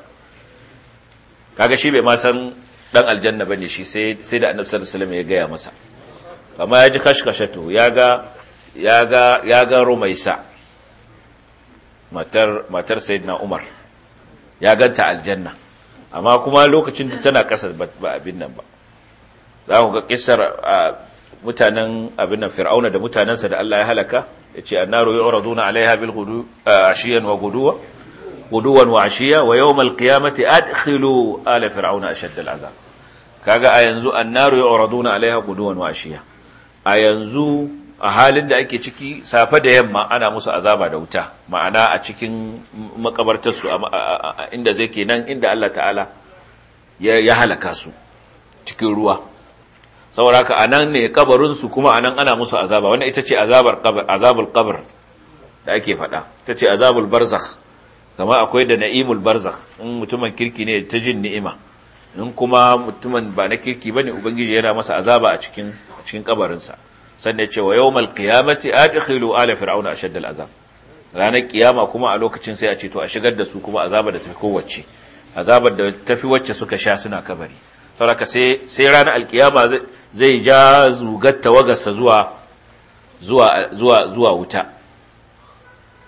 kaga shi bai ma san dan aljanna bane shi sai sai da annabi sallallahu alaihi wasallam ya gaya masa amma ya ji kashkashatu ya ga ya ga ya ga rumaisa matar matar sayyidina Umar ya ganta aljanna amma kuma lokacin tana kasa ba abin nan ba za ku ga kissar mutanen abin nan fir'auna da mutanensa da Allah ya halaka yace annaru yu'raduna 'alayha bil ghudu ashiyan wa ghuduwa ghuduwan wa ashiya wa yawm al qiyamati adkhilu ala fir'auna ashadda al azab kaga a yanzu annaru yu'raduna 'alayha ghuduwan wa ashiya a yanzu a halin da ake ciki safe da yamma ana musu azaba da wuta ma'ana a cikin makabartarsu inda zai ke nan inda Allah ta'ala ya halaka su cikin ruwa saboda haka anan ne kabarinsu kuma anan ana musu azaba wannan ita ce azabar kabar azabul kabar da ake faɗa ita ce azabul barzakh kama akwai da na'imul barzak in mutumin kirki ne ta jin ni'ima in kuma mutumin ba na kirki ne, ubangiji yana masa azaba a cikin a cikin kabarinsa sannan ya ce wa yawmal qiyamati adkhilu ala fir'auna ashaddal azab ranar kiyama kuma a lokacin sai a ce to a shigar da su kuma azabar da tafi kowace azabar da tafi wacce suka sha suna kabari saboda sai sai ranar alkiyama zai ja zugar tawagarsa zuwa zuwa zuwa zuwa wuta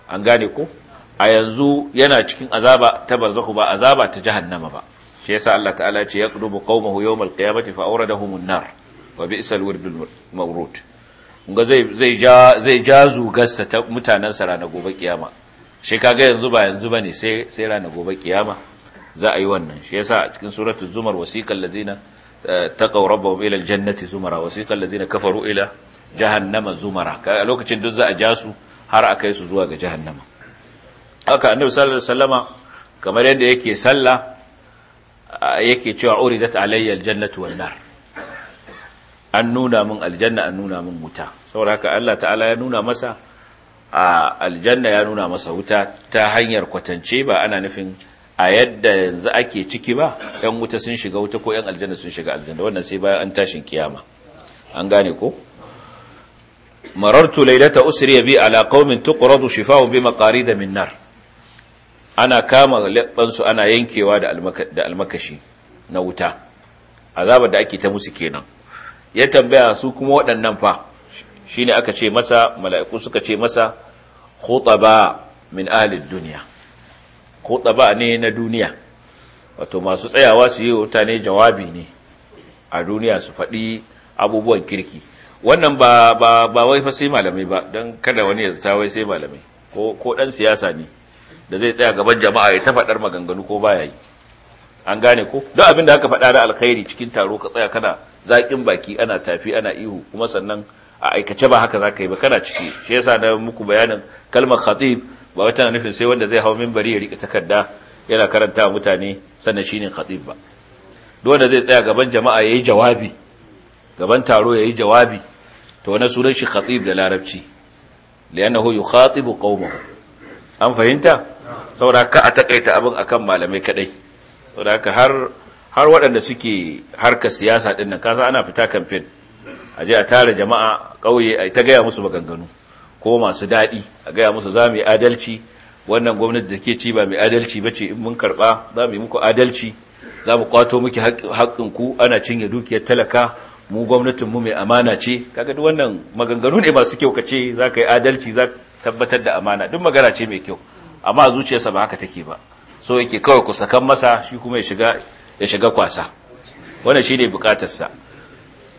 an gane ko a yanzu yana cikin azaba ta barzakhu ba azaba ta jahannama ba shi yasa Allah ta'ala ya ce yaqdubu qaumahu yawmal qiyamati fa awradahum an-nar wa bi'sal wirdul mawrud ga zai ja zugarsa ta mutanensa rana gobe kiyama shi kaga yanzu ba yanzu ba ne sai rana gobe kiyama za a yi wannan shi yasa a cikin suratu zumar wasiƙar lazina eh, taqaw rabbahum ila aljannati zumara wasiqal ladzina kafaru ila jahannama zumara a lokacin duk za a ja su har a kai su zuwa ga jahannama haka annabi sallallahu alaihi wasallama kamar yadda yake sallah yake cewa uridat alayya aljannatu wan nar an nuna min aljanna an nuna min wuta saboda haka Allah ta'ala ya nuna masa a aljanna ya nuna masa wuta ta hanyar kwatance ba ana nufin a yadda yanzu ake ciki ba yan wuta sun shiga wuta ko yan aljanna sun shiga aljanna wannan sai bayan an tashin kiyama an gane ko marartu laylata usri bi ala qaumin tuqradu shifa'u bi maqarid min nar ana kama labban su ana yankewa da almakashi na wuta azaba da ake ta musu kenan ya tambaya su kuma waɗannan fa shine aka ce masa mala'iku suka ce masa khutaba min ahlid duniya khutaba ne na duniya wato masu tsayawa su yi mutane jawabi ne a duniya su faɗi abubuwan kirki wannan ba ba wai fa sai malamai ba don kada wani ya zata wai sai malamai ko ɗan siyasa ne da zai tsaya gaban jama'a ya ta faɗar maganganu ko baya yi an gane ko duk abin da aka faɗa da alkhairi cikin taro ka tsaya kana zaƙin baki ana tafi ana ihu kuma sannan a aikace ba haka zaka yi ba kana ciki shi yasa na muku bayanin kalmar khatib ba wata na nufin sai wanda zai hau mimbari ya rika takarda yana karanta mutane sannan shine khatib ba duk wanda zai tsaya gaban jama'a ya yi jawabi gaban taro yayi jawabi to wani sunan shi khatib da larabci li'annahu yukhatibu qaumahu an fahimta saboda ka a takaita abin akan malamai kadai saboda haka har har waɗanda suke harkar siyasa ɗin nan kasa ana fita kamfen a je a tara jama'a ƙauye a ta gaya musu maganganu ko masu daɗi a gaya musu za mu yi adalci wannan gwamnati da ke ci ba mai adalci ba ce in mun karɓa za mu yi muku adalci za mu kwato muke haƙƙinku ana cinye dukiyar talaka mu gwamnatin mu mai amana ce kaga duk wannan maganganu ne masu kyau ka ce za ka yi adalci za tabbatar da amana duk magana ce mai kyau amma zuciyarsa ba haka take ba so yake kawai ku sakan masa shi kuma ya shiga ya shiga kwasa wannan shine bukatar sa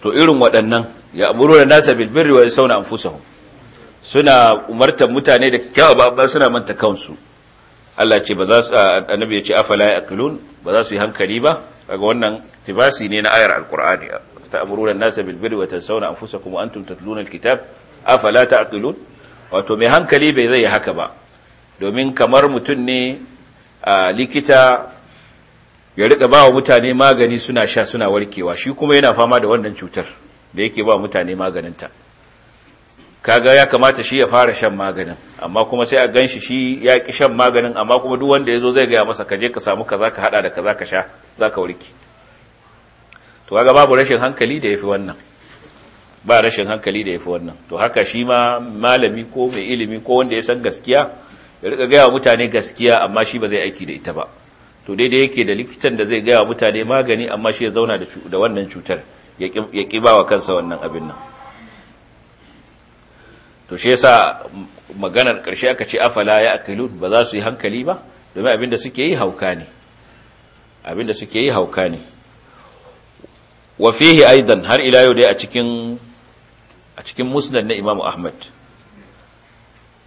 to irin waɗannan ya amuru da nasa bil birri wa yasawna anfusahum suna umartar mutane da kyawawa ba suna manta kansu Allah ce ba za su annabi ya ce afala yaqilun ba za su yi hankali ba daga wannan tibasi ne na ayar alqur'ani ta'muruna da nasa bil birri wa tansawna anfusakum wa antum tatluna al-kitab afala ta'qilun wato mai hankali bai zai haka ba domin kamar mutum ne likita ya rika ba wa mutane magani suna sha suna warkewa shi kuma yana fama da wannan cutar da yake ba mutane maganinta kaga ya kamata shi ya fara shan maganin amma kuma sai a ganshi shi ya ki shan maganin amma kuma duk wanda ya zo zai gaya masa kaje ka samu kaza ka hada da kaza ka sha za ka warke to kaga babu rashin hankali da yafi wannan ba rashin hankali da yafi wannan to haka shi ma malami ko mai ilimi ko wanda ya san gaskiya ya rika gaya wa mutane gaskiya amma shi ba zai aiki da ita ba to daidai yake da likitan da zai gaya wa mutane magani amma shi ya zauna da wannan cutar ya ƙi wa kansa wannan abin nan to shi yasa maganar karshe aka ce afala ya akilu ba za su yi hankali ba domin abin da suke yi hauka ne abin da suke yi hauka ne wa fihi aidan har ila yau dai a cikin a cikin musnad na Imam Ahmad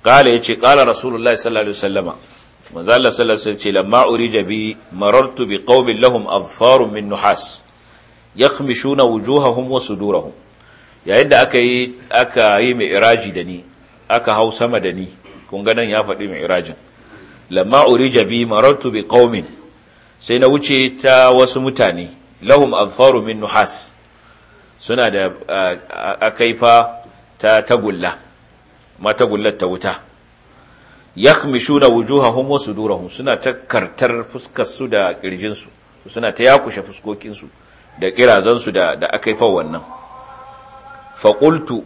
qala yace qala rasulullahi sallallahu alaihi wasallama manzo Allah sallallahu alaihi ce lamma urija bi marartu bi lahum azfarun min nuhas yakhmishuna wujuhahum wa sudurahum yayin da aka yi aka yi mai iraji da ni aka hau sama da ni kun ga ya faɗi mai irajin lamma urija bi marartu bi sai na wuce ta wasu mutane lahum azfaru min nuhas suna da akaifa ta tagulla mata gullar ta wuta yakhmishuna wujuhahum wa sudurahum suna ta kartar fuskar su da kirjinsu. su suna ta yakushe fuskokinsu da kirazansu da da yi wannan Faƙultu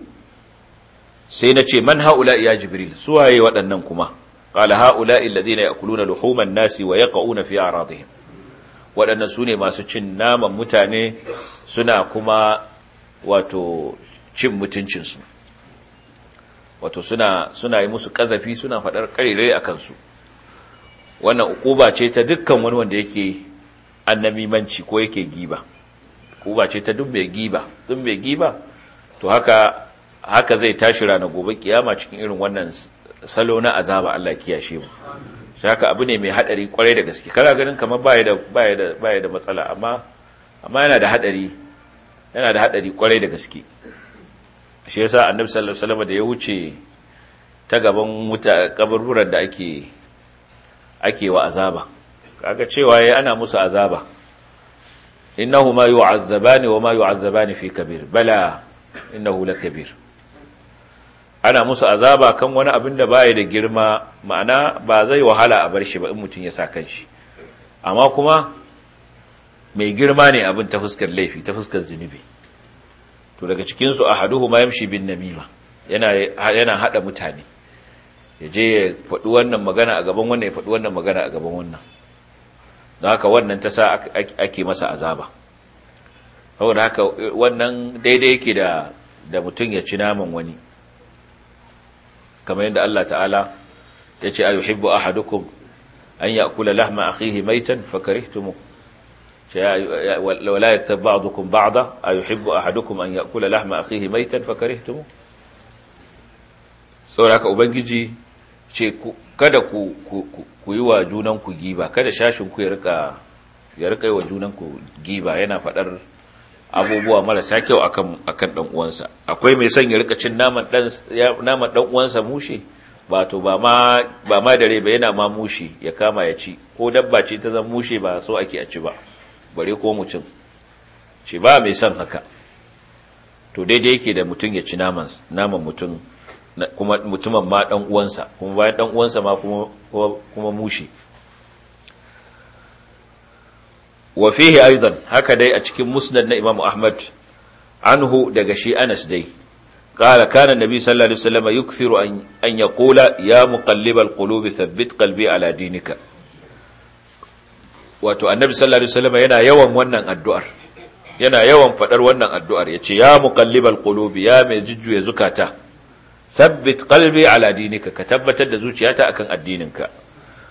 sai sai nace man haula iya jibril suwaye waɗannan kuma Ƙala haula alladhina yakuluna luhuman nasi wa yaqauna fi aradihim waɗannan su ne masu cin naman mutane suna kuma wato cin mutuncinsu wato suna suna yi musu kazafi suna faɗar ƙarirai a kansu wannan ukuba ce ta dukkan wani wanda yake annabimanci ko yake giba ukuba ce ta duk mai giba duk mai giba to haka haka zai tashi rana gobe kiyama cikin irin wannan salo na azaba Allah kiyashe mu shi haka abu ne mai hadari kwarai da gaske kana ganin kamar baya da baya da baya da matsala amma amma yana da hadari yana da hadari kwarai da gaske shi yasa annabi sallallahu alaihi wasallam da ya wuce ta gaban kaburburan da ake ake wa azaba kaga cewa yayi ana musu azaba innahu ma yu'azzabani wa ma yu'azzabani fi kabir bala innahu lakabir ana musu azaba kan wani abin da baya da girma ma'ana ba zai wahala a bar shi ba in mutun ya sa shi amma kuma mai girma ne abin ta fuskar laifi ta fuskar zunubi to daga cikinsu a haduhu ma yamshi bin namima yana haɗa mutane ya je ya faɗi wannan magana a gaban wannan ya faɗi wannan magana a gaban wannan don haka wannan ta sa ake masa azaba saboda haka wannan daidai yake da da mutum ya ci naman wani kamar yadda Allah ta'ala ya ce a yuhibbu ahadukum an kula lahma akhihi maitan fakarihtumu ولا يكتب بعضكم بعضا أيحب أحدكم أن يأكل لحم أخيه ميتا فكرهتموه saboda haka ubangiji ce kada ku yi wa junanku giba kada shashinku ya rika yi wa junanku giba yana faɗar abubuwa marasa kyau a akan dan uwansa akwai mai son ya rika cin naman ɗan uwansa mushe? ba to ba ma ba dare ba yana ma mushi ya kama ya ci ko dabba ce ta zan mushe ba so ake a ci ba bare ko mutum ce ba mai son haka to daidai yake da mutum ya ci naman mutum kuma mutumin ma dan uwansa kuma bayan dan uwansa ma kuma kuma mushi wa fihi aidan haka dai a cikin musnad na Imam Ahmad anhu daga shi Anas dai قال كان النبي صلى الله عليه وسلم يكثر أن, أن يقول يا مقلب القلوب ثبت قلبي على دينك wato annabi sallallahu alaihi wasallam yana yawan wannan addu'ar yana yawan fadar wannan addu'ar yace ya muqallibal qulubi ya mai jujjuya zukata sabbit qalbi ala dinika ka tabbatar da zuciyata akan addininka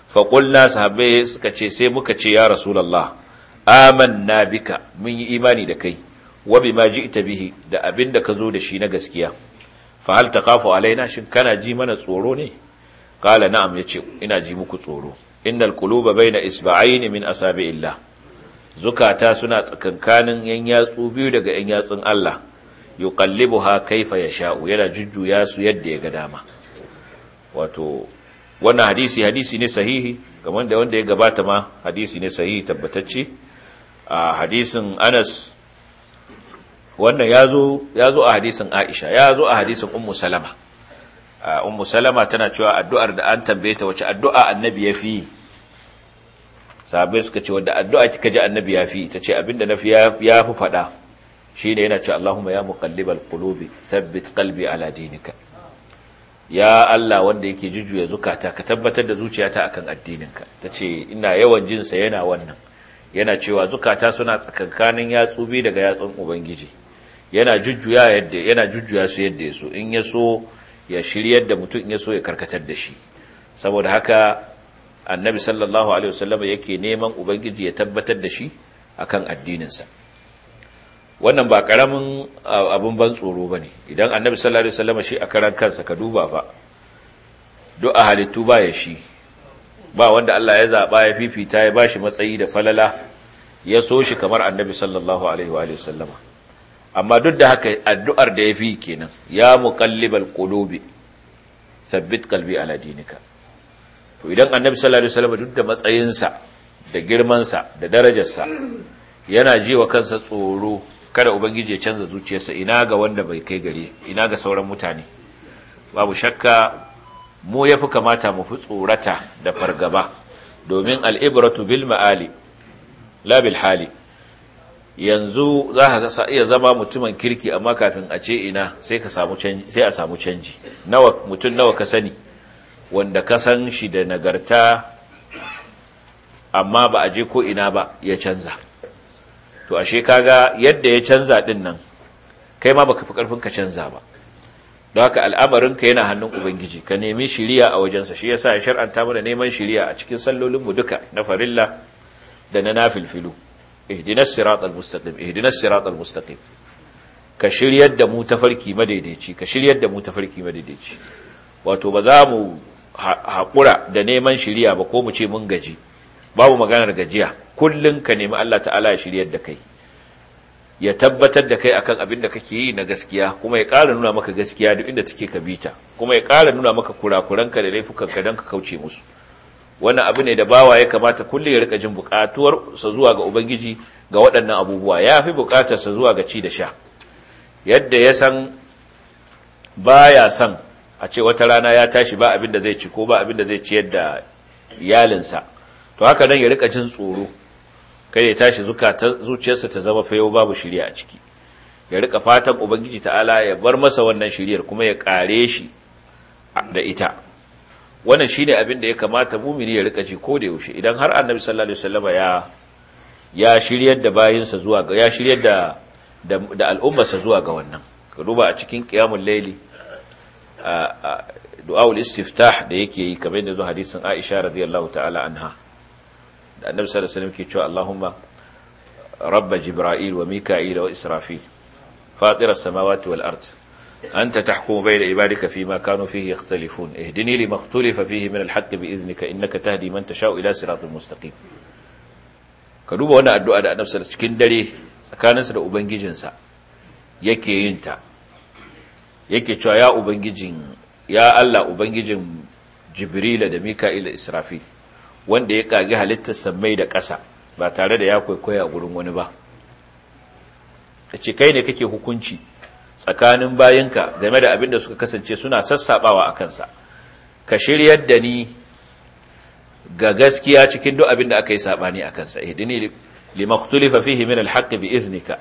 fa qulna sahabbai suka ce sai muka ce ya rasulullah amanna bika mun yi imani da kai wa bima ji'ta bihi da abinda ka zo da shi na gaskiya fa hal takhafu alaina shin kana ji mana tsoro ne qala na'am yace ina ji muku tsoro innal quluba baina isba'aini min asabi'illah zukata suna tsakankanin yan yatsu biyu daga yan yatsun Allah yuqallibuha kaifa yasha'u yana jujjuya su yadda ya ga dama wato wannan hadisi hadisi ne sahihi kamar da wanda ya gabata ma hadisi ne sahihi tabbatacce a hadisin Anas wannan yazo yazo a hadisin Aisha yazo a hadisin Ummu Salama Uh, ummu salama tana cewa addu'ar da an tambaye ta wace addu'a annabi ya fi sahabbai suka ce wanda addu'a kika ji annabi ya fi ta ce abinda na fi ya fi faɗa shi ne yana cewa Allahumma ya muqallibal qulubi thabbit qalbi ala dinika ya Allah wanda yake jujjuya zukata ka tabbatar da zuciyata akan addininka tace ina yawan jin sa yana wannan yana cewa zukata suna tsakankanin yatsubi daga yatsun ubangiji yana jujjuya yadda yana jujjuya su yadda yaso in yaso ya shiryar da mutum ya so ya karkatar da shi saboda haka annabi sallallahu alaihi wasallam yake neman ubangiji ya tabbatar da shi akan addininsa wannan ba karamin abun ban tsoro bane idan annabi sallallahu alaihi wasallam shi a karan kansa ka duba ba du'a halittu ba ya shi ba wanda Allah ya zaba ya fifita ya bashi matsayi da falala ya so shi kamar annabi sallallahu alaihi wa sallama amma duk da haka addu'ar da ya fi kenan ya muqallibal qulubi sabbit qalbi ala dinika to idan annabi sallallahu alaihi wasallam duk da matsayinsa da girmansa da darajarsa yana ji wa kansa tsoro kada ubangiji ya canza zuciyarsa ina ga wanda bai kai gare ina ga sauran mutane babu shakka mu yafi kamata mu fi tsorata da fargaba domin al'ibratu bil ma'ali la bil hali yanzu za ka iya zama mutumin kirki amma kafin a ce ina sai a samu canji mutum nawa ka sani wanda ka san shi da nagarta amma ba a je ko ina ba ya canza to ashe kaga yadda ya canza din nan kai ma baka fi karfin ka canza ba don haka ka yana hannun ubangiji ka nemi shiriya a wajensa shi yasa ya shar'anta mana neman shiriya a cikin sallolinmu duka na farilla da na nafilfilu ihdinas siratal mustaqim ihdinas siratal mustaqim ka shiryar da mu tafarki madaidaici ka shiryar da mu tafarki madaidaici wato ba za mu haƙura da neman shiriya ba ko mu ce mun gaji babu maganar gajiya kullun ka nemi Allah ta'ala ya shiryar da kai ya tabbatar da kai akan abin da kake yi na gaskiya kuma ya ƙara nuna maka gaskiya duk inda take ka bita kuma ya ƙara nuna maka kurakuranka da laifukanka don ka kauce musu wannan abu ne da bawa ya kamata kullum ya rika jin bukatuwar sa zuwa ga ubangiji ga waɗannan abubuwa ya fi bukatar sa zuwa ga ci da sha yadda ya san baya san a ce wata rana ya tashi ba abin da zai ci ko ba abin da zai ci yadda iyalinsa to haka nan ya rika jin tsoro kai ya tashi zuciyarsa ta zama fayo babu shirya a ciki ya rika fatan ubangiji ta'ala ya bar masa wannan shiriyar kuma ya kare shi da ita wannan shine abin da ya kamata mumini ya rika ji ko da yaushe idan har annabi sallallahu alaihi wasallama ya ya shiryar da bayinsa zuwa ga ya shiryar da da al'ummarsa zuwa ga wannan ka duba a cikin qiyamul layli du'aul istiftah da yake yi kamar da zo hadisin Aisha radiyallahu ta'ala anha da annabi sallallahu alaihi wasallam ke cewa Allahumma rabb jibril wa mika'il wa israfil fatir as-samawati wal ardh أنت تحكم بين عبادك فيما كانوا فيه يختلفون اهدني لما اختلف فيه من الحق بإذنك إنك تهدي من تشاء إلى صراط مستقيم كدوب وانا الدعاء دا نفسه cikin dare tsakaninsa da ubangijinsa yake yin ta yake cewa ya Allah ubangijin Jibrila da Mika'ila Israfil wanda ya kage halittar sammai da ƙasa ba tare da ya kwaikwaya gurin wani ba ce kai ne kake hukunci tsakanin bayinka game da abin da suka kasance suna sassabawa a kansa ka shiryar da ni ga gaskiya cikin duk abin da aka yi sabani a kansa ihdini limaktulifa fihi min alhaq bi iznika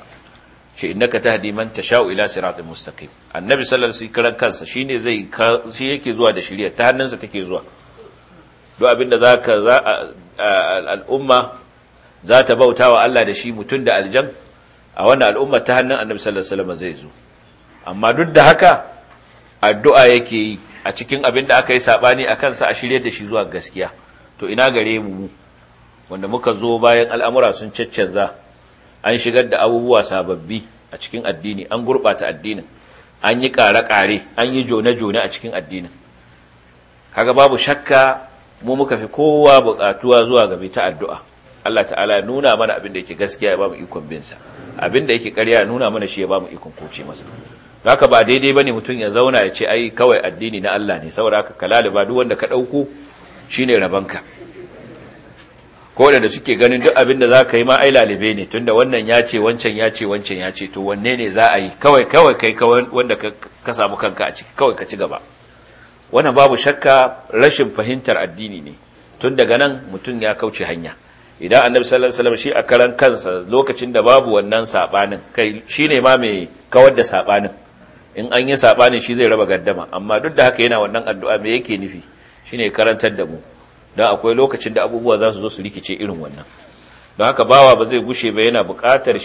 shi innaka tahdi man tashau ila siratin mustaqim annabi sallallahu alaihi wasallam kansa shine zai shi yake zuwa da shiriya ta hannunsa take zuwa duk abin da zaka al'umma za ta bautawa Allah da shi mutun da aljan a wannan al'umma ta hannun annabi sallallahu alaihi wasallam zai zo amma duk da haka addu'a yake yi a cikin abin da aka yi saɓani a kansa a shirya da shi zuwa gaskiya to ina gare mu wanda muka zo bayan al'amura sun caccanza an shigar da abubuwa sababbi a cikin addini an gurɓata addinin an yi ƙare-ƙare an yi jone-jone a cikin addinin kaga babu shakka mu muka fi kowa buƙatuwa zuwa gabe ta addu'a Allah ta'ala ya nuna mana abin da yake gaskiya ya ba mu ikon binsa abin da yake ƙarya nuna mana shi ya ba mu ikon koce masa haka ba daidai bane mutum ya zauna ya ce ai kawai addini na Allah ne saboda haka kalali ba duk wanda ka dauko shine rabanka ko da suke ganin duk abin da zaka yi ma ai lalibe ne tunda wannan ya ce wancan ya ce wancan ya ce to wanne ne za a yi kawai kawai kai kawai wanda ka samu kanka a ciki kawai ka ci gaba wannan babu shakka rashin fahimtar addini ne tun daga nan mutum ya kauce hanya idan annabi sallallahu alaihi wasallam shi a karan kansa lokacin da babu wannan sabanin kai shine ma mai kawar da sabanin in an yi sabani shi zai raba gaddama amma duk da haka yana wannan addu'a me yake nufi shine karantar da mu don akwai lokacin da abubuwa za su zo su rikice irin wannan don haka bawa ba zai gushe ba yana buƙatar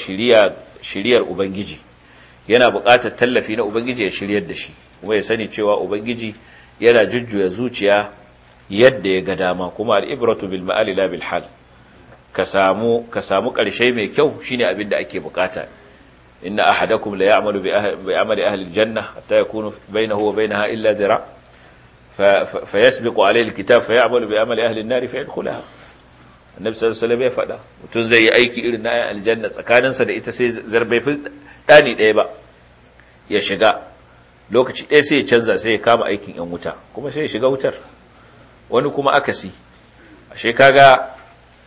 shiriyar ubangiji yana buƙatar tallafi na ubangiji ya shiryar da shi kuma ya sani cewa ubangiji yana jujjuya zuciya yadda ya ga dama kuma al'ibratu bil ma'alila bil hal ka samu ƙarshe mai kyau shine abin da ake buƙata inna ahadakum la ya'malu bi amali ahli janna hatta yakunu bainahu wa bainaha illa zira fa fayasbiqu alayhi alkitab fa ya'malu bi amali ahli an-nar fa yadkhulaha annabi sallallahu alaihi wasallam ya faɗa mutum zai yi aiki irin na aljanna sa da ita sai zarbe fi dani daya ba ya shiga lokaci ɗaya sai ya canza sai ya kama aikin yan wuta kuma sai ya shiga wutar wani kuma akasi ashe kaga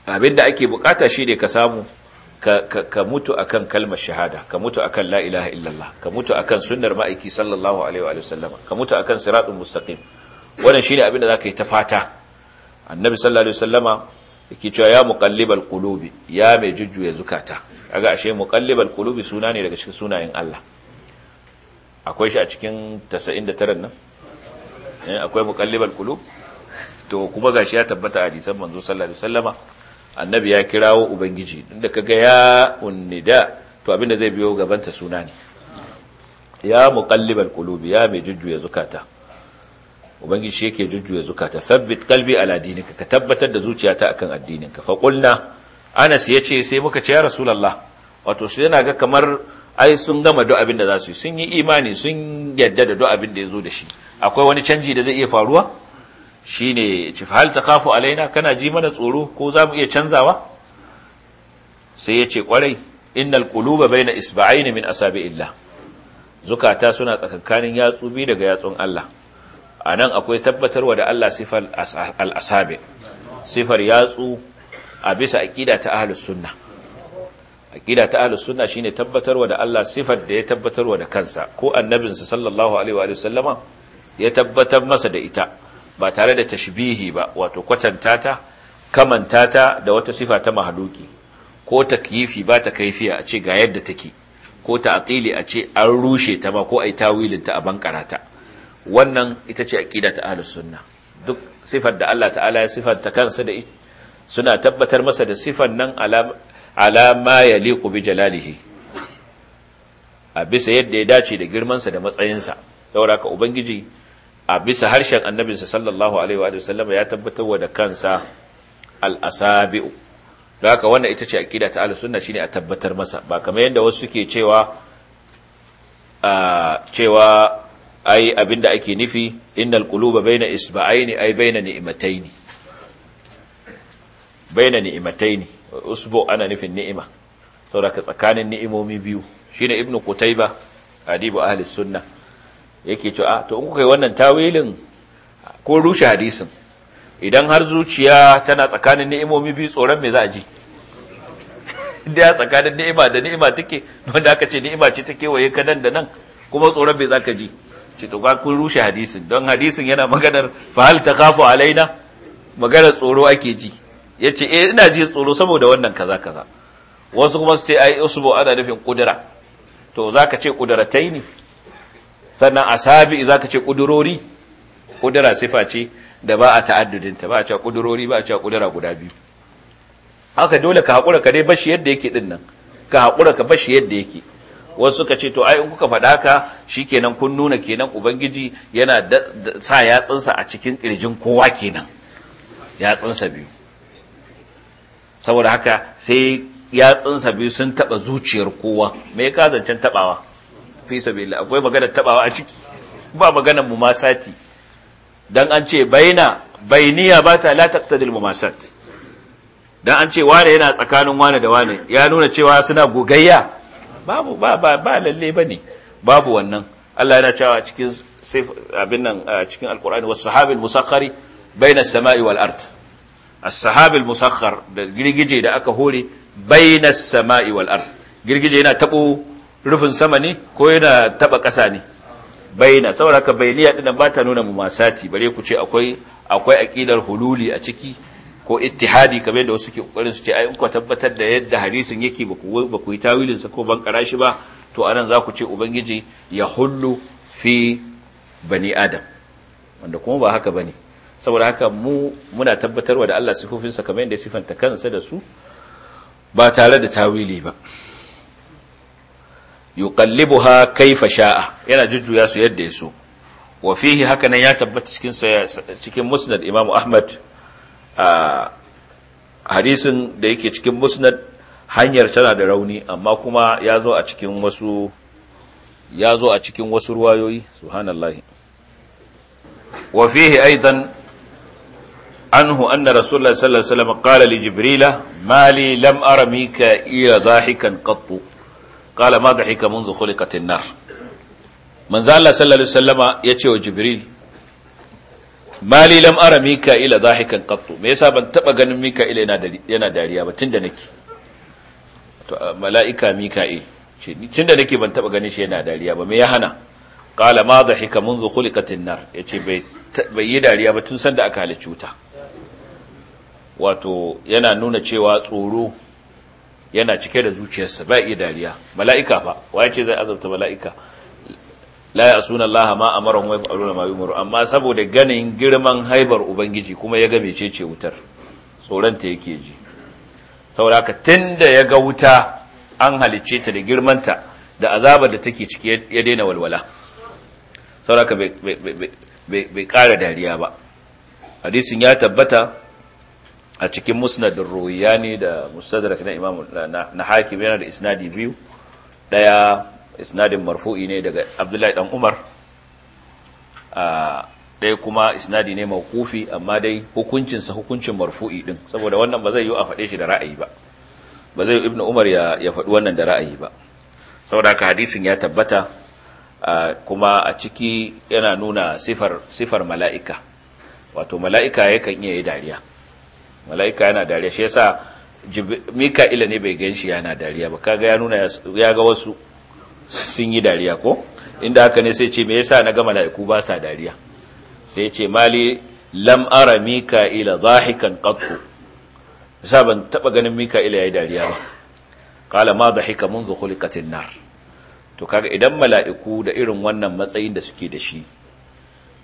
abinda ake bukata shi ne ka samu ka mutu akan kalmar shahada ka mutu akan la ilaha illallah ka mutu akan sunnar ma'aiki sallallahu alaihi wa sallama ka mutu akan siratul mustaqim wannan shine abin da zaka yi ta fata annabi sallallahu alaihi wasallama yake cewa ya muqallibal qulubi ya mai jujjuya zukata kaga ashe muqallibal qulubi suna ne daga cikin sunayen Allah akwai shi a cikin 99 nan eh, akwai muqallibal qulub to kuma gashi ya tabbata a hadisan manzo sallallahu alaihi wa wasallama annabi ya kirawo ubangiji inda kaga ya unnida to abinda zai biyo gabanta suna ne ya muqallibal qulubi ya mai jujjuya zukata ubangiji yake jujjuya zukata thabbit qalbi ala dinika ka tabbatar da zuciyata akan addininka fa qulna anas yace sai muka ce ya rasulullah wato sai yana ga kamar ai sun gama duk abin da za su yi sun yi imani sun yadda da duk abin da ya zo da shi akwai wani canji da zai iya faruwa shine ci hal takhafu alaina kana ji mana tsoro ko za mu iya canzawa sai ya ce kwarai innal quluba baina isba'aini min asabi'illah zukata suna tsakankanin yatsu bi daga yatsun Allah anan akwai tabbatarwa da Allah sifar al-asabi sifar yatsu a bisa aqida ta ahlus sunna aqida ta ahlus sunna shine tabbatarwa da Allah sifar da ya tabbatarwa da kansa ko annabinsa sallallahu alaihi wa sallama ya tabbatar masa da ita ba tare da tashbihi ba wato kwatanta ta kamanta ta da wata sifa ta mahaluki ko takyifi ba ta kaifiya a ce ga yadda take ko ta aqili a ce an rushe ta ma ko ai tawilin ta a bankara ta wannan ita ce aqida ta ahlus sunna duk sifar da Allah ta'ala ya sifanta kansa da suna tabbatar masa da sifan nan ala ma yaliqu bi jalalihi a bisa yadda ya dace da girmansa da matsayinsa saboda ka ubangiji a bisa harshen annabinsa sallallahu alaihi wa sallama ya tabbatar wa da kansa al-asabi'u don haka wannan ita ce aqida ta ahlus sunna shine a tabbatar masa ba kamar yadda wasu suke cewa cewa ai abinda ake nufi innal quluba baina isba'aini ai baina ni'mataini baina ni'mataini usbu ana nufin ni'ima saboda tsakanin ni'imomi biyu shine ibnu qutayba adibu ahlus sunna yake cewa ah, to in kuka yi wannan tawilin ko rushe hadisin idan har zuciya tana tsakanin ni'imomi biyu tsoron me za a ji da tsakanin ni'ima da ni'ima take wanda aka ce ni'ima ce take waye ka nan da nan kuma tsoron me za ka ji ce to kun rushe hadisin don hadisin yana maganar fahal ta kafu alaina maganar tsoro ake ji ya ce eh ina ji tsoro saboda wannan kaza kaza wasu kuma su ce ai usbu ana nufin kudura to zaka ce kuduratai ne sannan asabi za ka ce ƙudurori ƙudura sifa ce da ba a ta'addudinta ba a cewa ƙudurori ba a cewa ƙudura guda biyu haka dole ka haƙura ka dai bashi yadda yake ɗin nan ka haƙura ka bashi yadda yake wasu ka ce to ai in kuka faɗa ka shi kenan kun nuna kenan ubangiji yana sa yatsunsa a cikin ƙirjin kowa kenan yatsunsa biyu saboda haka sai yatsunsa biyu sun taɓa zuciyar kowa me ka zancen taɓawa fi sabilillah akwai maganar tabawa a ciki ba maganar mumasati dan an ce baina bainiya ba ta la taqtadil mumasat dan an ce wane yana tsakanin wane da wane ya nuna cewa suna gogayya babu ba ba ba lalle bane babu wannan Allah yana cewa cikin sai abin nan cikin alqur'ani was sahabil musakhkhari baina as-sama'i wal ard as-sahabil da girgije da aka hore baina as-sama'i wal ard girgije yana tabo rufin sama ne ko yana taba ƙasa ne baina saboda haka bainiya din ba ta nuna mumasati bare ku ce akwai akwai aqidar hululi a ciki ko ittihadi kamar da wasu ke kokarin su ce ai in ku tabbatar da yadda hadisin yake ba ku ba ku yi tawilin sa ko ban karashi shi ba to anan za ku ce ubangiji ya hullu fi bani adam wanda kuma ba haka bane saboda haka mu muna tabbatarwa da Allah sifofinsa kamar yadda sifanta kansa da su ba tare da tawili ba ha kaifa sha'a yana jujjuya su yadda ya so wa fihi hakanan ya tabbata cikin cikin musnad imamu ahmad a hadisin da yake cikin musnad hanyar tana da rauni amma kuma ya zo a cikin wasu ya zo a cikin wasu ruwayoyi subhanallahi wa fihi aidan anhu anna rasulullahi sallallahu alaihi wasallam qala li jibrila mali lam ara mika ila dhahikan qattu qala ma dhahika منذ khuliqat nar manzo Allah sallallahu alaihi wasallama yace wa jibril mali lam ara mika'ila dhahikan qattu me yasa ban taba ganin mika'ila yana yana dariya ba tunda nake to mala'ika mika'il ce tunda nake ban taba ganin shi yana dariya ba me ya hana qala ma dhahika منذ khuliqat nar yace bai bai yi dariya ba tun sanda aka halicci wuta wato yana nuna cewa tsoro yana cike da zuciyarsa ba iya dariya mala'ika fa waye ce zai azabta mala'ika la ya asuna Allah ma amara wa yaf'aluna ma yumaru amma saboda ganin girman haibar ubangiji kuma ya ga mecece wutar tsoron ta yake ji saboda haka tunda ya ga wuta an halicce ta da girman ta da azabar da take ciki ya daina walwala saboda haka bai kara dariya ba hadisin ya tabbata a cikin musnadin ne da mustadrak na imam na hakim yana da isnadi biyu ɗaya isnadin marfu'i ne daga abdullahi ɗan umar ɗaya kuma isnadi ne mawqufi amma dai hukuncinsa hukuncin marfu'i ɗin saboda wannan ba zai yi a faɗe shi da ra'ayi ba ba zai yi Ibn umar ya faɗi wannan da ra'ayi ba saboda haka hadisin ya tabbata kuma a ciki yana nuna sifar sifar mala'ika wato mala'ika yakan iya yi dariya mala'ika yana dariya shi yasa mika'ila ne bai ganshi yana dariya ba kaga ya nuna ya ga wasu sun yi dariya ko inda haka ne sai ce me yasa na ga mala'iku ba sa dariya sai ce mali lam ara mika'ila dhahikan qattu yasa ban taba ganin mika'ila yayi dariya ba kala ma dhahika منذ khuliqat nar to kaga idan mala'iku da irin wannan matsayin da suke da shi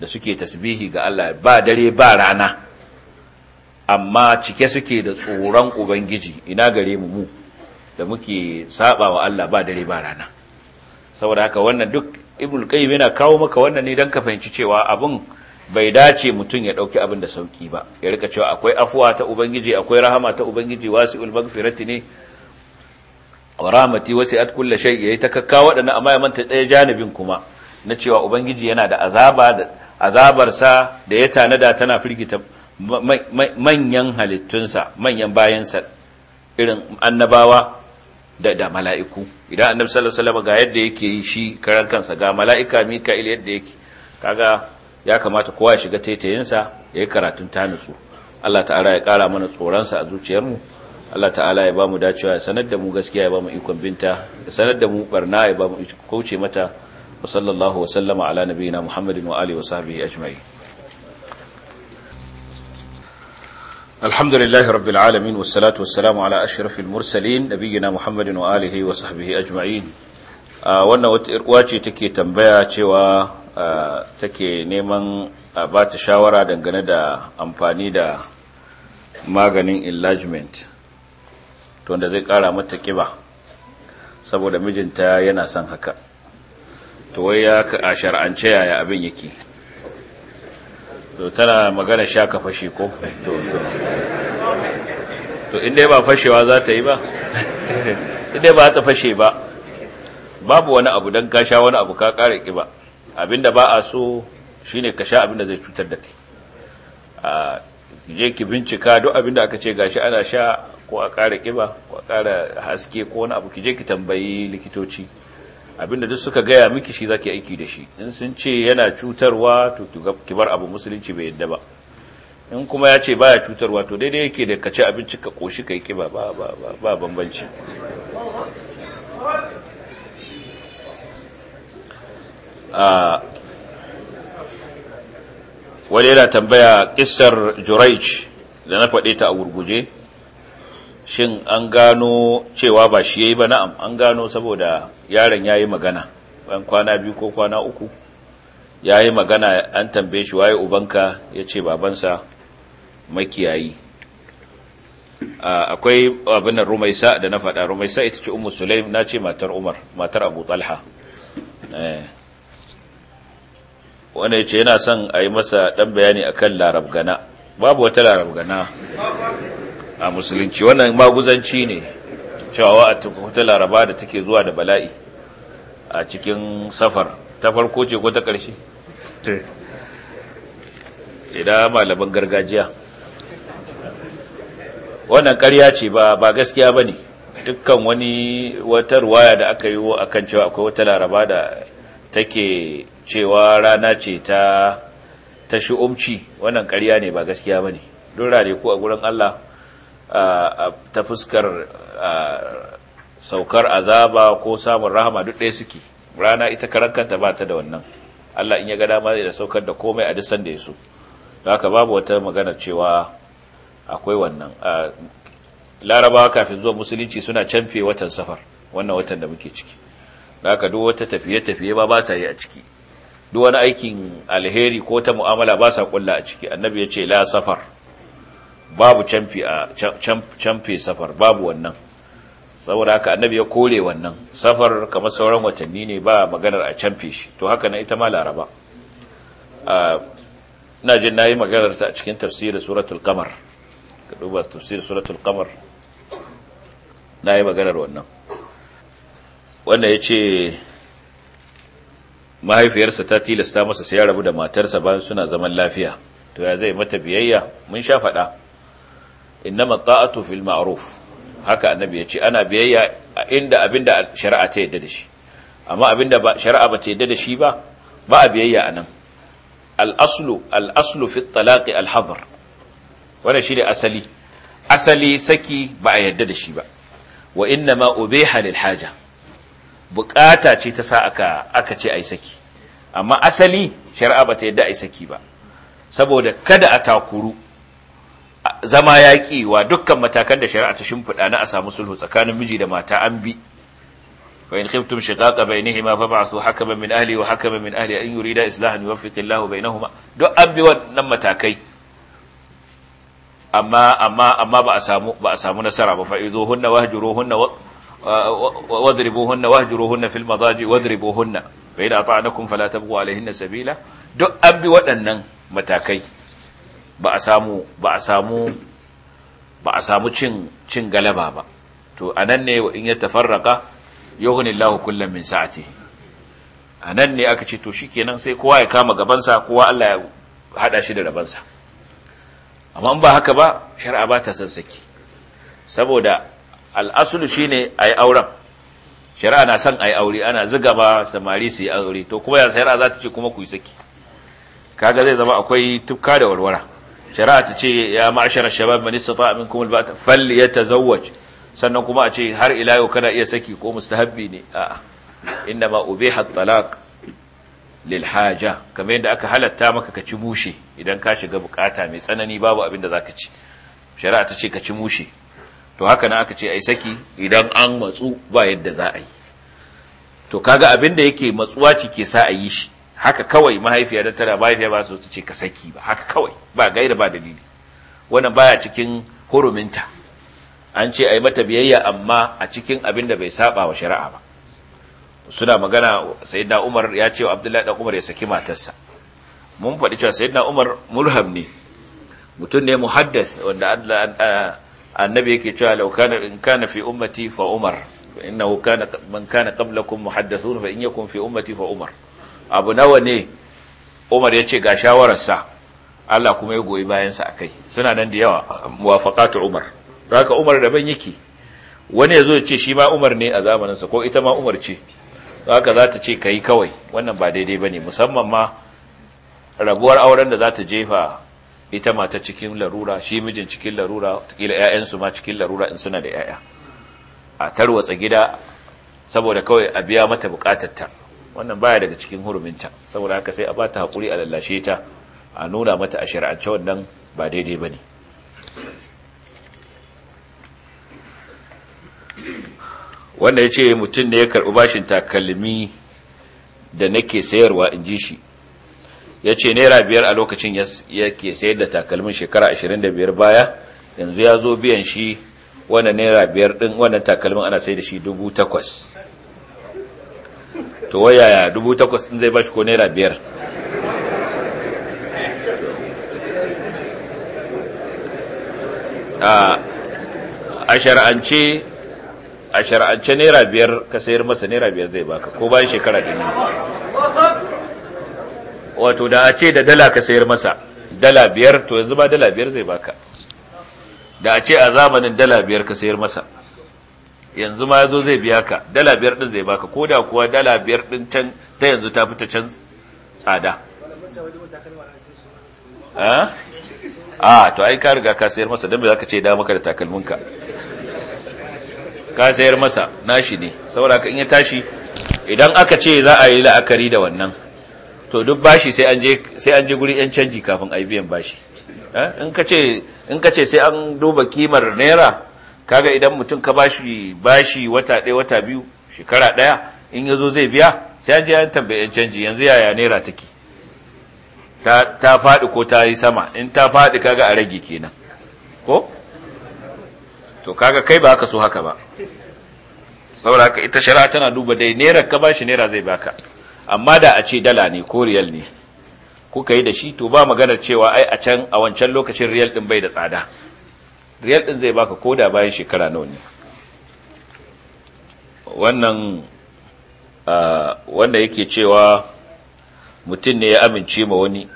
da suke tasbihi ga Allah ba dare ba rana amma cike suke da tsoron ubangiji ina gare mu mu da muke saba wa Allah ba dare ba rana saboda haka wannan duk ibnul qayyim yana kawo maka wannan ne dan ka fahimci cewa abun bai dace mutum ya dauki abin da sauki ba ya rika cewa akwai afuwa ta ubangiji akwai rahama ta ubangiji wasi'ul magfirati ne wa rahmati wasi'at kull shay yayi ta kakka wadannan amma ya manta daya janibin kuma na cewa ubangiji yana da azaba da azabarsa da ya tanada tana firgita manyan halittunsa manyan bayansa irin annabawa da mala'iku idan annabi sallallahu alaihi wasallam ga yadda yake yi shi karan kansa ga mala'ika mika'il yadda yake kaga ya kamata kowa ya shiga taitayinsa ya yi karatun nutsu Allah ta'ala ya kara mana tsoronsa a zuciyarmu Allah ta'ala ya bamu dacewa ya sanar da mu gaskiya ya bamu ikon binta ya sanar da mu barna ya bamu kauce mata wasallallahu sallallahu wa ala nabiyina muhammadin wa alihi wa sahbihi ajma'in الحمد لله رب العالمين والصلاة والسلام على أشرف المرسلين نبينا محمد وآله وصحبه أجمعين wannan wace take tambaya cewa take neman a ba shawara dangane da amfani da maganin enlargement to wanda zai kara mata ƙiba saboda mijinta yana son haka to wai ya ka a shar'ance yaya abin yake to tana magana sha ka fashe ko to to inda ba fashewa za ta yi ba inda ba ta fashe ba babu wani abu don ka sha wani abu ka ki ba abinda ba a so shine ka sha abinda zai cutar da kai a je ki bincika duk abinda aka ce gashi ana sha ko a ki ba ko a ƙara haske ko wani abu ki je ki tambayi likitoci abinda duk suka gaya miki shi zaki aiki da shi in sun ce yana cutarwa to ki bar abu musulunci bai yadda ba in kuma ya ce baya cutarwa to daidai yake da kaci abinci ka koshi kai kiba ba ba ba bambanci wani yana tambaya kissar juraij da na faɗe ta a gurguje shin an gano cewa ba shi yi ba na'am an gano saboda yaron ya yi magana ban kwana biyu ko kwana uku ya yi magana an tambaye shi waye ubanka ce babansa makiyayi akwai abin rumaisa da na faɗa rumaisa ita ce Umar sulaim na ce matar umar matar abu talha eh. wanda ya ce yana son a yi masa ɗan bayani akan larabgana babu wata larabgana a musulunci wannan maguzanci ne cewa a tukuta laraba da take zuwa da bala'i a cikin safar ta farko ce ko ta ƙarshe idan malaban gargajiya wannan ƙarya ce ba gaskiya ba ne dukkan wani wata ruwaya da aka yi a kan cewa akwai wata laraba da take cewa rana ce ta ta shi'umci wannan ƙarya ne ba gaskiya ba ne don rane ko a gurin Allah ta fuskar saukar azaba ko samun rahama duk ɗaya suke rana ita karankanta ba ta da wannan Allah in ya ga dama zai da saukar da komai a dusan da ya so haka babu wata magana cewa akwai wannan larabawa kafin zuwa musulunci suna canfe watan safar wannan watan da muke ciki da haka duk wata tafiye-tafiye ba ba sa yi a ciki duk wani aikin alheri ko ta mu'amala ba sa kulla a ciki annabi ya ce la safar babu camfe safar babu wannan saboda haka annabi ya kore wannan safar kamar sauran watanni ne ba maganar a camfe shi to haka na ita ma laraba na jin na yi maganar ta a cikin tafsirin suratul kamar ka duba tafsirin suratul kamar na yi maganar wannan wanda ya ce mahaifiyarsa ta tilasta masa sai ya rabu da matarsa bayan suna zaman lafiya to ya zai mata biyayya mun sha faɗa innama ta'atu fil ma'ruf haka annabi ya ce ana biyayya inda abinda shari'a ta yadda da shi amma abinda shari'a ba ta yadda da shi ba ba a biyayya anan al-aslu al-aslu fi talaqi al-hadr wannan shine asali asali saki ba a yadda da shi ba wa innama ubiha lil haja bukata ce ta sa aka aka ce ai saki amma asali shari'a ba ta yadda ai saki ba saboda kada a takuru zama yaƙi wa dukkan matakan da shari'a ta shimfiɗa na a samu sulhu tsakanin miji da mata an bi wa in khiftum shiqaqa bainihima fab'athu hakaman min ahli wa hakaman min ahli an yurida islahan yuwaffiq Allahu bainahuma duk an bi wannan matakai amma amma amma ba a samu ba a samu nasara ba fa'iduhunna wahjuruhunna wadribuhunna wahjuruhunna fil madaji wadribuhunna fa in ata'anakum fala tabghu alaihinna sabila duk an bi waɗannan matakai ba a samu cin cin galaba ba to anan ne in ya tafarraka yughni Allahu kullam min a anan ne aka ce to shi kenan sai kowa ya kama gabansa kowa Allah ya hada shi da rabansa amma in ba haka ba shari'a ba ta san saki saboda al'asulu shine yi auren shari'a na son ayi aure ana ziga ba samari su yi aure to kuma ya shari'a za ta ce kuma ku yi saki kaga zai zama akwai tufka da warwara shari'a ta ce ya ma'ashara shabab man istata ya ta falyatazawwaj sannan kuma a ce har ila yau kana iya saki ko mustahabbi ne a'a inda ma obe talaq lil haja kamar yadda aka halatta maka ka ci mushe idan ka shiga bukata mai tsanani babu abin da za ka ci shari'a ta ce ka ci mushe to haka na aka ce ai saki idan an matsu ba yadda za a yi to kaga abin da yake matsuwa ci ke sa a yi shi haka kawai mahaifiya da tana mahaifiya ba su ce ka saki ba haka kawai ba gaira ba dalili wannan baya cikin huruminta an ce a yi mata biyayya amma a cikin abin da bai saba wa shari'a ba suna magana sayyidina umar ya ce wa abdullahi dan umar ya saki matarsa mun faɗi cewa sayyidina umar mulham ne mutum ne muhaddas wanda annabi yake cewa law kana in kana fi ummati fa umar innahu kana man kana qablakum muhaddathun fa in yakun fi ummati fa umar abu nawa ne umar ya ce ga shawararsa Allah kuma ya goyi bayansa a kai suna nan da yawa ta umar raka umar da daban yake wani ya zo ya ce shi ma umar ne a zamaninsa ko ita ma umar ce raka za ta ce ka yi kawai wannan ba daidai ba ne musamman ma rabuwar auren da za ta jefa ita mata cikin larura shi mijin cikin larura kila 'ya'yansu ma cikin larura in suna da 'ya'ya a tarwatsa gida saboda kawai a biya mata ta wannan baya daga cikin huruminta saboda haka sai a ba ta haƙuri a lallashe ta a nuna mata a shari'ance wannan ba daidai ba ne wanda ya ce mutum ne ya karɓi bashin takalmi da nake sayarwa in ji shi ya ce naira biyar a lokacin yake sayar da takalmin shekara ashirin 25 baya yanzu ya zo biyan shi wannan naira biyar ɗin wannan takalmin ana sai da shi dubu takwas to yaya dubu takwas ɗin zai bashi ko naira biyar a shar'ance a shar'ance naira biyar ka sayar masa naira biyar zai baka ko bayan shekara ɗin wato da a ce da dala ka sayar masa dala biyar to yanzu ba dala biyar zai baka da a ce a zamanin dala biyar ka sayar masa yanzu ma yazo zai biya ka dala biyar din zai baka ko da kuwa dala biyar din can ta yanzu ta fita can tsada a to ai ka riga ka sayar masa don me ka ce da maka da takalminka ka sayar masa nashi ne saboda in ya tashi idan aka ce za a yi la'akari da wannan to duk bashi sai an je sai an je guri yan canji kafin a biyan bashi in ka ce sai an duba kimar naira kaga idan mutum ka bashi bashi wata ɗaya wata biyu shekara ɗaya in ya zo zai biya sai an je an tambayi canji yanzu yaya naira take ta ta faɗi ko ta yi sama in ta faɗi kaga a rage kenan ko to kaga kai ba ka so haka ba saboda haka ita shari'a tana duba dai naira ka bashi naira zai baka amma da a ce dala ne ko riyal ne kuka yi da shi to ba maganar cewa ai a can a wancan lokacin riyal din bai da tsada riyal ɗin zai baka koda bayan shekara nawa ne wannan wanda yake cewa mutum ne ya amince ma wani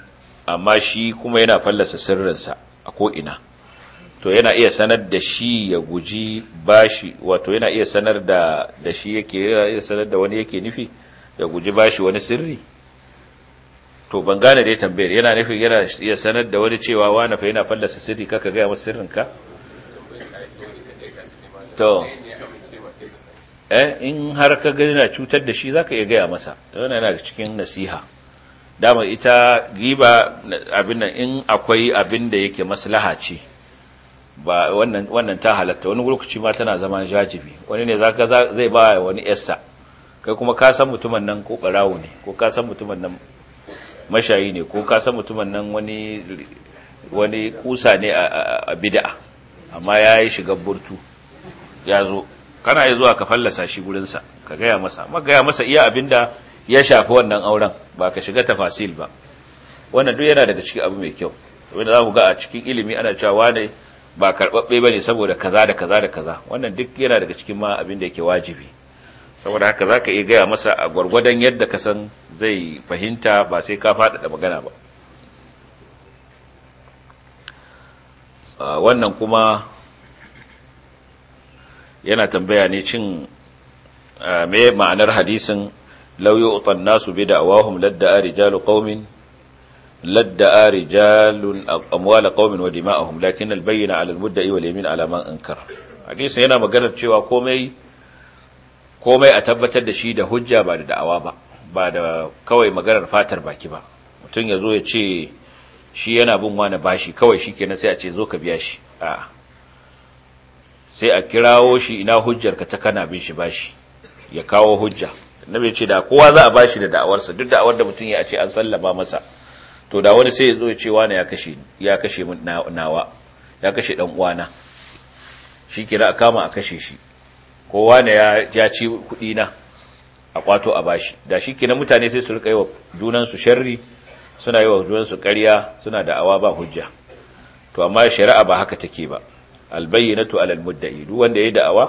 amma shi kuma yana fallasa sirrinsa a ko'ina to yana iya sanar da shi ya guji bashi wato yana iya sanar da da shi yake iya sanar da wani yake nufi ya guji bashi wani sirri to ban gane dai tambayar yana nufin yana iya sanar da wani cewa wani fa yana fallasa sirri kaka gaya masa sirrinka to eh, in har ka gani na cutar da shi zaka iya gaya masa wannan yana cikin nasiha dama ita giba abin nan in akwai abin da yake maslaha ce ba wannan ta halatta wani lokaci ma tana zama jajibi wani ne zaka zai ba wani yarsa kai kuma ka san mutumin nan ko barawo ne ko ka san mutumin nan mashayi ne ko ka san mutumin nan wani wani kusa ne a bid'a amma yayi shiga burtu ya zo kana yi zuwa ka fallasa shi gurinsa ka gaya masa ma gaya masa iya abinda ya shafi wannan auren ba ka shiga tafasil ba wannan duk yana daga cikin abu mai kyau wanda za ku ga a cikin ilimi ana cewa wane ba karɓaɓɓe ba ne saboda kaza da kaza da kaza wannan duk yana daga cikin ma abin da yake wajibi saboda haka za ka iya gaya masa a gwargwadon yadda ka san zai fahimta ba sai ka faɗaɗa magana ba wannan kuma yana tambaya ne cin me ma'anar hadisin lauyo yu'tan nasu bi da da'awahum a rijalu ladda a rijalun amwala ƙaumin wa dima'ahum lakin al-bayyina 'ala al-mudda'i wal ankar hadisin yana maganar cewa komai a tabbatar da shi da hujja ba da da'awa ba ba da kawai maganar fatar baki ba mutum ya zo ya ce shi yana bin wani bashi kawai shi kenan sai a ce zo ka biya shi a'a sai a kirawo shi ina hujjar ka ta kana bin shi bashi ya kawo hujja nabi ce da kowa za a bashi da da'awarsa duk da'awar da mutum ya ce an sallama masa to da wani sai ya zo ya ce wani ya kashe ya kashe nawa ya kashe dan uwana shi kira kama a kashe shi kowa ne ya ya ci kudi na a kwato a bashi da shi kenan mutane sai su rika yi wa junan su sharri suna yi wa junan su ƙarya suna da'awa ba hujja to amma shari'a ba haka take ba albayyinatu alal mudda'i duk wanda yayi da'awa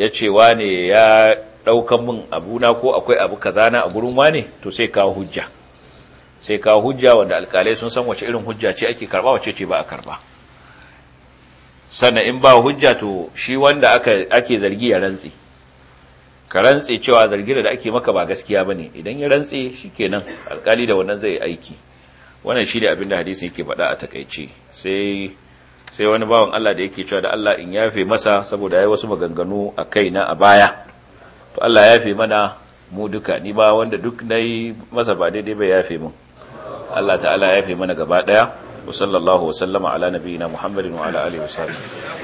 ya ce wane ya daukan mun abuna ko akwai abu kazana a gurin wane to sai kawo hujja sai kawo hujja wanda alkalai sun san wace irin hujja ce ake karba wace ce ba a karba sannan in ba hujja to shi wanda aka ake zargi ya rantsi ka rantsi cewa zargi da ake maka ba gaskiya bane idan ya rantsi shikenan alkali da wannan zai aiki wannan shi ne abin da hadisi yake faɗa a takaice sai sai wani bawan Allah da yake cewa da Allah in yafe masa saboda yayi wasu maganganu a kai na a baya to Allah yafe mana mu duka ni ba wanda duk na yi masa ba daidai bai yafe mun Allah ta'ala yafe mana gaba daya wa sallallahu ala nabiyina Muhammadin wa ala alihi wasallam